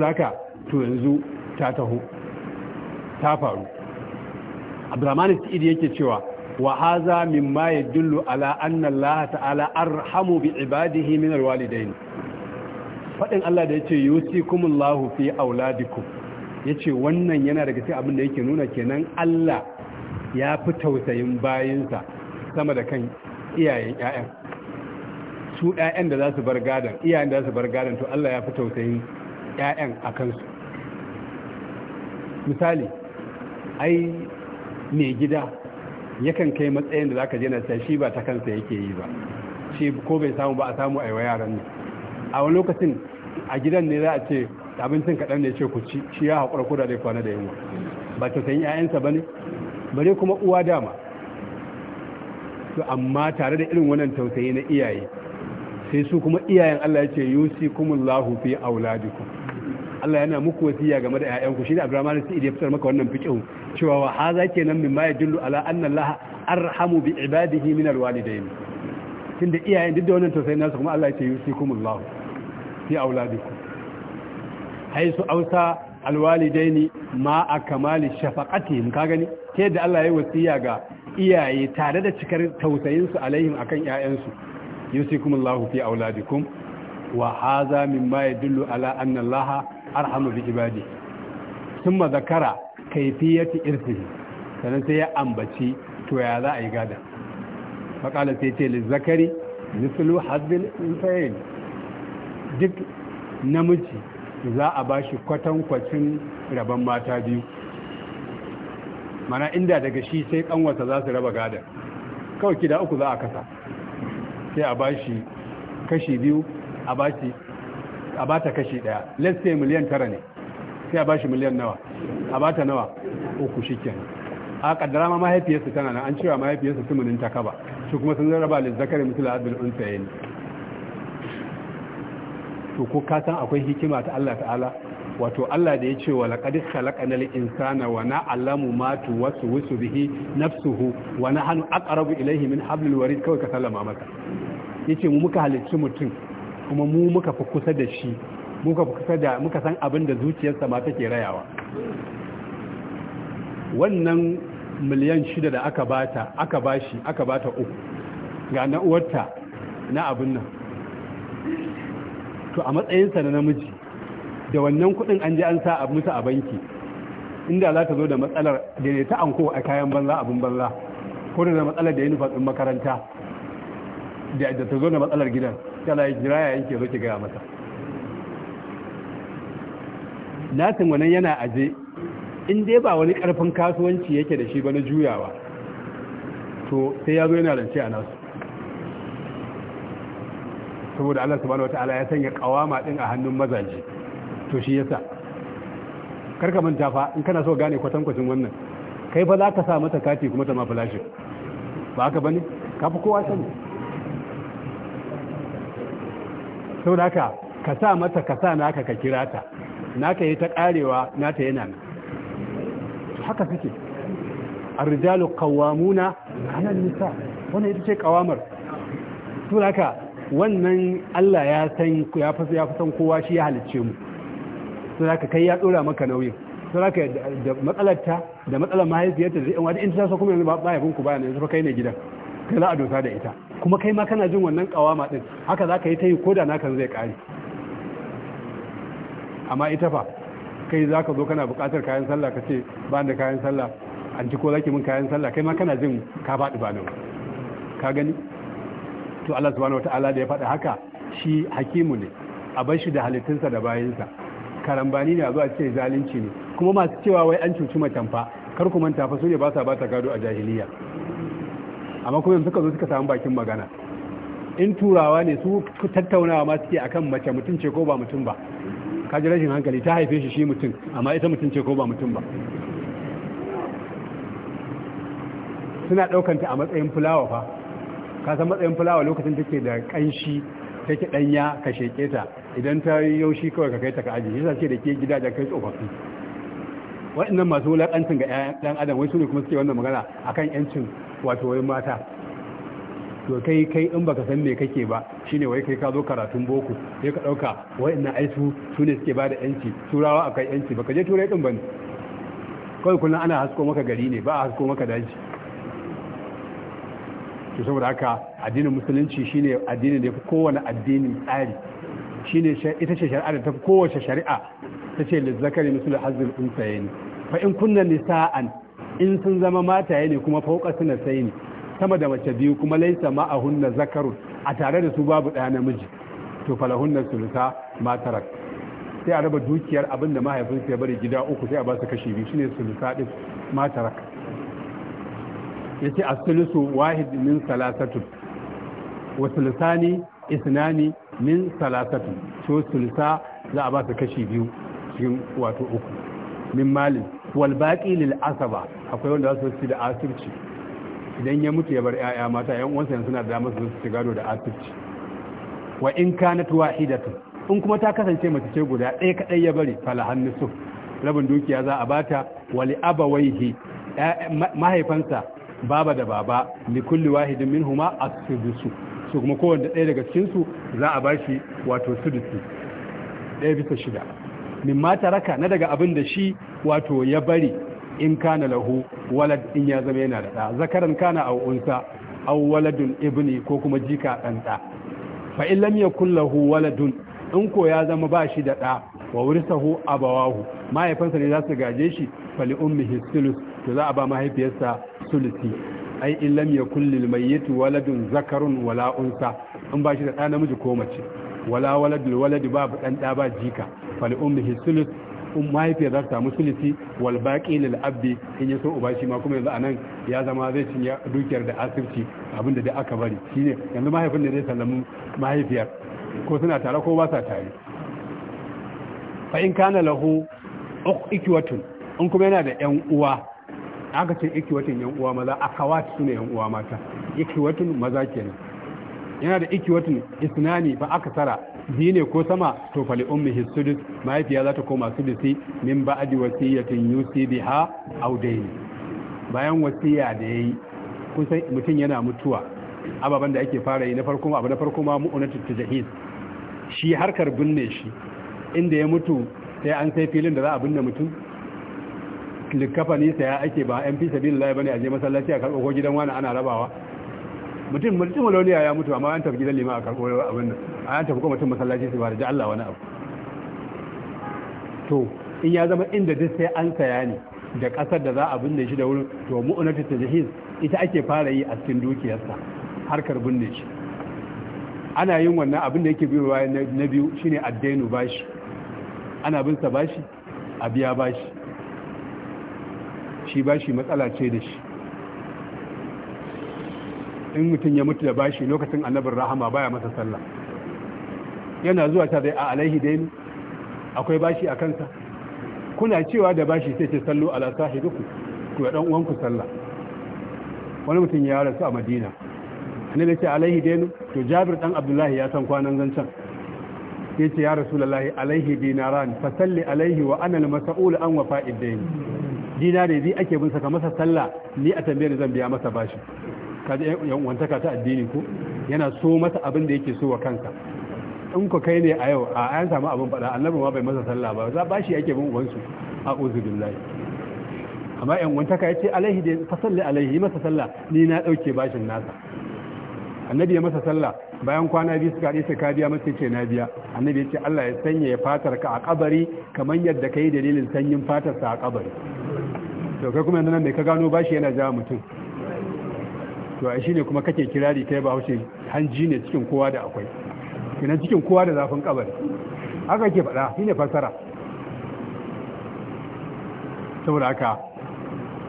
Speaker 1: da haka to yanzu ta taho ta faru abdurrahman idi yake cewa wa haza mimma Dullu ala annan allah ta'ala arhamu bi ibadihi min alwalidain Faɗin allah da ya ce yace yusikumullahu fi ya ce wannan yana daga sai abin da yake nuna kenan allah ya fi tausayin bayansa sama da kan iyayen ƴaƴan su ƴaƴan da za su bar gadon, iyayen da za su bar gadon to Allah ya fi tausayin ƴaƴan a kansu misali ai mai gida yakan kai matsayin da zaka je na shi ba ta kansa yake yi ba shi ko bai samu ba a samu a yi wa yaran ne a wani lokacin a gidan ne za a ce abincin kaɗan ne ce ku ci shi ya haƙura ko da kwana da yunwa ba ta san ƴaƴansa ba ne bare kuma uwa dama to amma tare da irin wannan tausayi na iyaye sai su kuma iyayen Allah ya ce yusi Allah fi auladikum Allah yana muku wasiya game da ƴaƴanku shine Abdurrahman sai ya fitar maka wannan fiqhu cewa wa haza kenan mimma yadullu ala anna Allah arhamu bi ibadihi min alwalidain tunda iyayen duk da wannan tausayin nasu kuma Allah ya ce yusikumullahu fi auladikum haisu ausa alwalidaini ma a kamali shafaqatihim ka gani Ke da Allah ya wasiya ga iyaye tare da cikar tausayinsu alaihim akan ƴaƴansu yusikum Allah fi auladikum wa hadha mimma yadullu ala anna Allah arhamu bi ibadi thumma zakara kayfiyati irsihi sannan sai ya ambaci to ya za a yi gada faqala sai ce lizakari mithlu hadhil unsayn duk namiji za a bashi kwatankwacin rabon mata biyu mana inda daga shi sai kanwata za su raba gadar kawai gida uku za a kasa sai a bashi kashi biyu a bashi a bata kashi daya let's say miliyan tara ne sai a bashi miliyan nawa a bata nawa uku ke a kaddara ma mahaifiyarsa tana nan an cewa mahaifiyarsa tumunin ta kaba su kuma sun zaraba lil zakari mutul adil unsa ne to ko ka san akwai hikima ta Allah ta'ala wato Allah da ya ce wa laqad khalaqnal insana wa na'lamu ma tuwaswisu bihi nafsuhu wa nahnu aqrabu ilayhi min hablil warid kawai ka sallama maka yace mu muka halicci mutum kuma mu muka fi kusa da shi muka fi kusa da muka san abin da zuciyarsa ma take rayawa wannan miliyan shida da aka bata aka bashi aka bata uku ga na uwarta na abin nan to a matsayinsa na namiji da wannan kudin an ji an sa a musu a banki inda za ta zo da matsalar da ne ta anko a kayan banza abin banza ko da matsalar da ya nufa makaranta da ta zo na matsalar gidan tana jira ya yanke zo ki gaya mata nasin wannan yana aje in dai ba wani karfin kasuwanci yake da shi ba na juyawa to sai ya zo yana rance a nasu saboda Allah subhanahu wata'ala ya sanya kawama din a hannun mazaje to shi yasa karka manta fa in kana so gane kwatan kwatankwacin wannan kai fa za ka sa mata kati kuma ta ma flashin ba haka bane ka fi kowa sani sau da ka ka sa mata ka sa naka ka kira ta naka yi ta karewa nata yana nan haka suke arjalu qawwamuna 'ala nisa wannan ita ce kawamar to haka wannan Allah ya san ya fasa ya fasan kowa shi ya halicce mu to haka kai ya dora maka nauyi to haka da matsalarta da matsalar mahaifiyarta da yan wani in ta so kuma yanzu ba ya ku ba yanzu fa kai ne gidan kai za a da ita kuma kai ma kana jin wannan kawama din haka za ka yi ta yi koda na kan zai kare amma ita fa kai za ka zo kana bukatar kayan sallah ka ce ba da kayan sallah an ci ko zaki min kayan sallah kai ma kana jin ka faɗi ba nan ka gani to Allah subhanahu wataala da ya faɗa haka shi hakimu ne a bar shi da halittunsa da bayinsa karambani ne a zuwa ce zalunci ne kuma masu cewa wai an cuci macen fa kar ku manta fa su ne ba sa ba ta gado a jahiliya amma kuma suka zo suka samu bakin magana in turawa ne su tattaunawa ma suke akan mace mutum ce ko ba mutum ba kaji rashin hankali ta haife shi shi mutum amma ita mutum ce ko ba mutum ba suna ɗaukanta a matsayin fulawa fa ka san matsayin fulawa lokacin take da ƙanshi take danya ka sheke ta idan ta yi yaushi kawai ka kai ta ka aji shi ce da ke gidajen kai tsofaffi waɗannan masu wulaƙancin ga ɗan adam wai su ne kuma suke wannan magana akan yancin wato wai mata to kai kai in baka san me kake ba shine wai kai ka zo karatun boko sai ka dauka ina ai su su ne suke bada yanci turawa akai yanci baka je turai din bane kawai kullun ana hasko maka gari ne ba a hasko maka daji to saboda haka addinin musulunci shine addinin da yafi kowane addinin tsari shine ita ce shari'a da ta kowace shari'a ta ce lizzakari musul hazil unsayni fa in kunna nisa'an in sun zama mataye ne kuma fauka suna sai ne sama da mace biyu kuma laisa hunna zakarun a tare da su babu ɗaya namiji to falahunna sulusa matarak sai a raba dukiyar abin da mahaifinsu ya bari gida uku sai a ba su kashi biyu shine sulusa din matarak yace as-sulusu wahid min salasatu, wa sulusani isnani min salasatu, to sulusa za a ba su kashi biyu cikin wato uku min malin Walbaƙi baqi asaba akwai wanda za su da asirci idan ya mutu ya bar yaya mata yan uwansa suna da damar su ci gado da asirci wa in kanat wahidatu in kuma ta kasance mace ce guda ɗaya kaɗai ya bari fala hannisu rabin dukiya za a bata wali abawaihi mahaifansa baba da baba li kulli wahidin minhuma as-sudusu So kuma kowanne ɗaya daga cikin su za a bashi wato sudusi ɗaya bisa shida mimma taraka na daga abin da shi wato ya bari in kana lahu walad in ya zama yana da ɗa zakaran kana aw unsa aw waladun ibni ko kuma jika dan ɗa fa in lam yakul lahu waladun in ko ya zama ba shi da ɗa wa wurisahu abawahu mahaifansa ne za su gaje shi li ummihi sulus to za a ba mahaifiyarsa sulusi ai in lam yakul lil mayyit waladun zakarun wala unsa in ba shi da ɗa namiji ko mace wala waladul waladi babu dan da ba jika fal ummihi sulus um mahaifiyar za ta samu wal baqi lil abdi in yaso uba shi ma kuma yanzu anan ya zama zai cinye dukiyar da asirci abinda da aka bari shine yanzu mahaifin ne zai sallamu mahaifiyar ko suna tare ko ba sa tare fa in kana lahu ikwatun in kuma yana da yan uwa aka ce ikwatun yan uwa maza akawat ne yan uwa mata ikwatun maza kenan yana da iki watan isnani ba aka tara biyu ne ko sama to fali ummihi sudus mahaifiya za ta koma sudusi min ba ba'di wasiyyatin yusi biha aw dayn bayan wasiya da yayi yi, kusan mutum yana mutuwa ababen da ake fara yi na farko abu na farko ma mu'unatu tajhid shi harkar binne shi inda ya mutu sai an sai filin da za a binne mutum likkafa nisa ya ake ba yan fi ba bane a je masallaci a karɓo ko gidan wani ana rabawa mutum mutum ya mutu amma an tafi gidan lima a karɓo abin nan an tafi kuma mutum masallaci su ba da ji Allah wani abu to in ya zama inda duk sai an saya ne da ƙasar da za a binne shi da wurin to mu'unatu tajhiz ita ake fara yi a cikin dukiyarsa harkar binne shi ana yin wannan abin da yake biyowa na biyu shine addainu bashi ana bin sa bashi a biya bashi shi bashi matsala ce da shi in mutum ya mutu da bashi lokacin annabin rahama baya masa sallah yana zuwa ta zai a alaihi dainu akwai bashi a kansa kuna cewa da bashi sai ce sallu ala sahibiku ku ya dan uwanku sallah wani mutum ya rasu a madina annabi ya ce alaihi dainu to jabir dan abdullahi ya san kwanan zancan sai ce ya rasulullahi alaihi dinaran fa salli alaihi wa ana al-mas'ul an wafa'id dina dinare bi ake bin saka masa sallah ni a tambayar zan biya masa bashi kaji yan wantaka ta addini ko yana so mata abin da yake so wa kanka in ku kai ne a yau a an samu abin fada annabi ma bai masa sallah ba za ba shi yake bin uwansu a uzu billahi amma yan wantaka yace alaihi da fa alaihi masa sallah ni na dauke bashin nasa annabi ya masa sallah bayan kwana biyu suka haɗe ka biya masa ce na biya annabi ya ce Allah ya sanya ya fatar ka a kabari kamar yadda ka dalilin sanyin fatar sa a kabari to kai kuma nan mai ka gano bashi yana jawa mutum to ai shine kuma kake kirari kai ba haushe hanji ne cikin kowa da akwai kenan cikin kowa da zafin kabari haka ke faɗa shine fasara saboda haka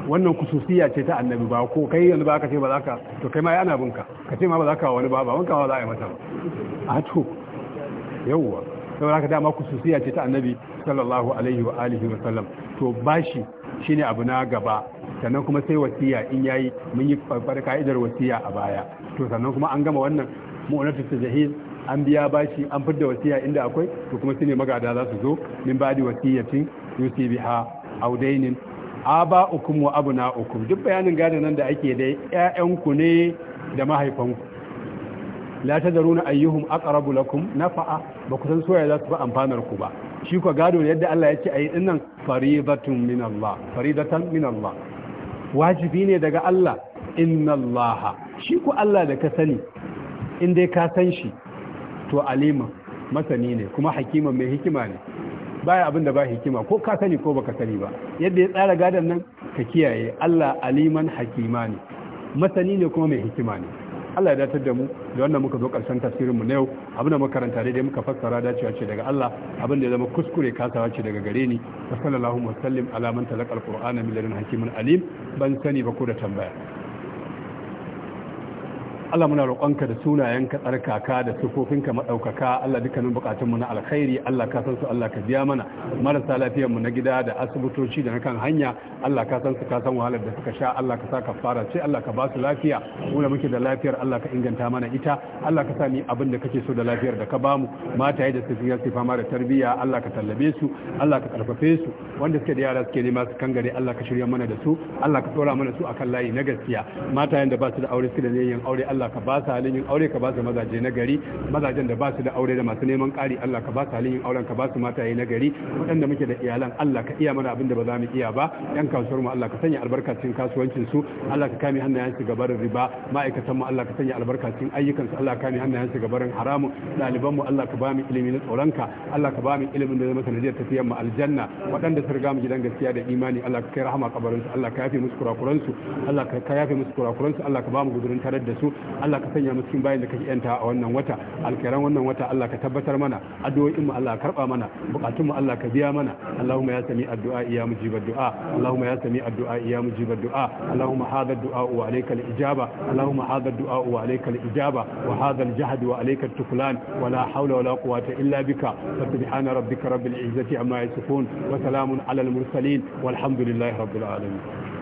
Speaker 1: wannan kususiya ce ta annabi ba ko kai yanzu ba ka ce ba za ka to kai ma yana ana binka ka ce ma ba za ka wani ba ba wanka ba za a yi mata ba a to yawwa saboda haka dama kususiya ce ta annabi sallallahu alaihi wa alihi wa sallam to bashi shine abu na gaba sannan kuma sai wasiya in yayi mun yi farfar ka'idar wasiya a baya to sannan kuma an gama wannan mu'unatu tajhiz an biya bashi an fidda wasiya inda akwai to kuma sune magada za su zo min ba'di wasiyatin yusi biha aw dainin aba ukum wa abuna ukum duk bayanin gada nan da ake dai 'ya'yanku ne da mahaifanku la tadaruna ayyuhum aqrabu lakum nafa'a ba ku san soyayya za su ba amfanar ku ba shi ko gado yadda Allah ya ce ayi dinnan faridatun min Allah faridatan min Allah wajibi ne daga Allah inna Allah shi ku Allah da ka sani in dai ka san shi to aliman masani ne kuma hakiman mai hikima ne baya abin da ba hikima ko ka sani ko baka sani ba yadda ya tsara gadan nan ka kiyaye Allah aliman hakima ne masani ne kuma mai hikima ne Allah ya datar da mu da wannan muka zo karshen tasirinmu na yau abin da makaranta daidai muka fassara dacewa ce daga Allah abin da ya zama kuskure kasawa ce daga gare ni wa sallallahu wa sallim ala man talaqa min hakimin alim ban sani ba ko da tambaya Allah muna roƙonka da sunayenka tsarkaka da sufofinka maɗaukaka Allah dukkanin buƙatunmu na alkhairi Allah ka san su Allah ka biya mana marasa lafiyar mu na gida da asibitoci da na kan hanya Allah ka san su ka san wahalar da suka sha Allah ka sa ka fara ce Allah ka ba su lafiya mu muke da lafiyar Allah ka inganta mana ita Allah ka sa ni abin da kake so da lafiyar da ka bamu mataye da suke yi fama da tarbiyya Allah ka tallabe su Allah ka karfafe su wanda suke da yara suke nema su gare Allah ka shirya mana da su Allah ka tsora mana su akan layi na gaskiya Mata da ba su da aure suke da yin aure Allah Allah ka ba su halin yin aure ka ba su mazaje na gari mazajen da ba su da aure da masu neman ƙari Allah ka ba su halin yin auren ka ba su mataye na gari waɗanda muke da iyalan Allah ka iya mana abin da ba za mu iya ba yan kasuwar mu Allah ka sanya albarka cikin kasuwancin su Allah ka kame hannayen su da riba ma'aikatan mu Allah ka sanya albarka cikin ayyukan su Allah ka kame hannayen su da haramun ɗaliban mu Allah ka ba mu ilimi na tsoronka Allah ka ba mu ilimin da zai masa nadiyar tafiyar mu aljanna waɗanda su riga mu gidan gaskiya da imani Allah ka kai rahama kabarin su Allah ka yafe musu kurakuran su Allah ka yafe musu kurakuran su Allah ka ba mu gudurin tarar da su Allah ka sanya mu cikin bayan da kake yanta a wannan wata alkairan wannan wata Allah ka tabbatar mana addu'o'in mu Allah ka karba mana bukatun mu Allah ka biya mana Allahumma ya sami addu'a iya mujibar du'a Allahumma ya sami addu'a iya mujibar du'a Allahumma hadha dua wa alayka al-ijaba Allahumma hadha dua wa alayka al-ijaba wa hadha al-jahd wa alayka at-tuklan wa la hawla wa la quwwata illa bika subhana rabbika rabbil izzati amma yasifun wa salamun ala al-mursalin والحمد لله رب العالمين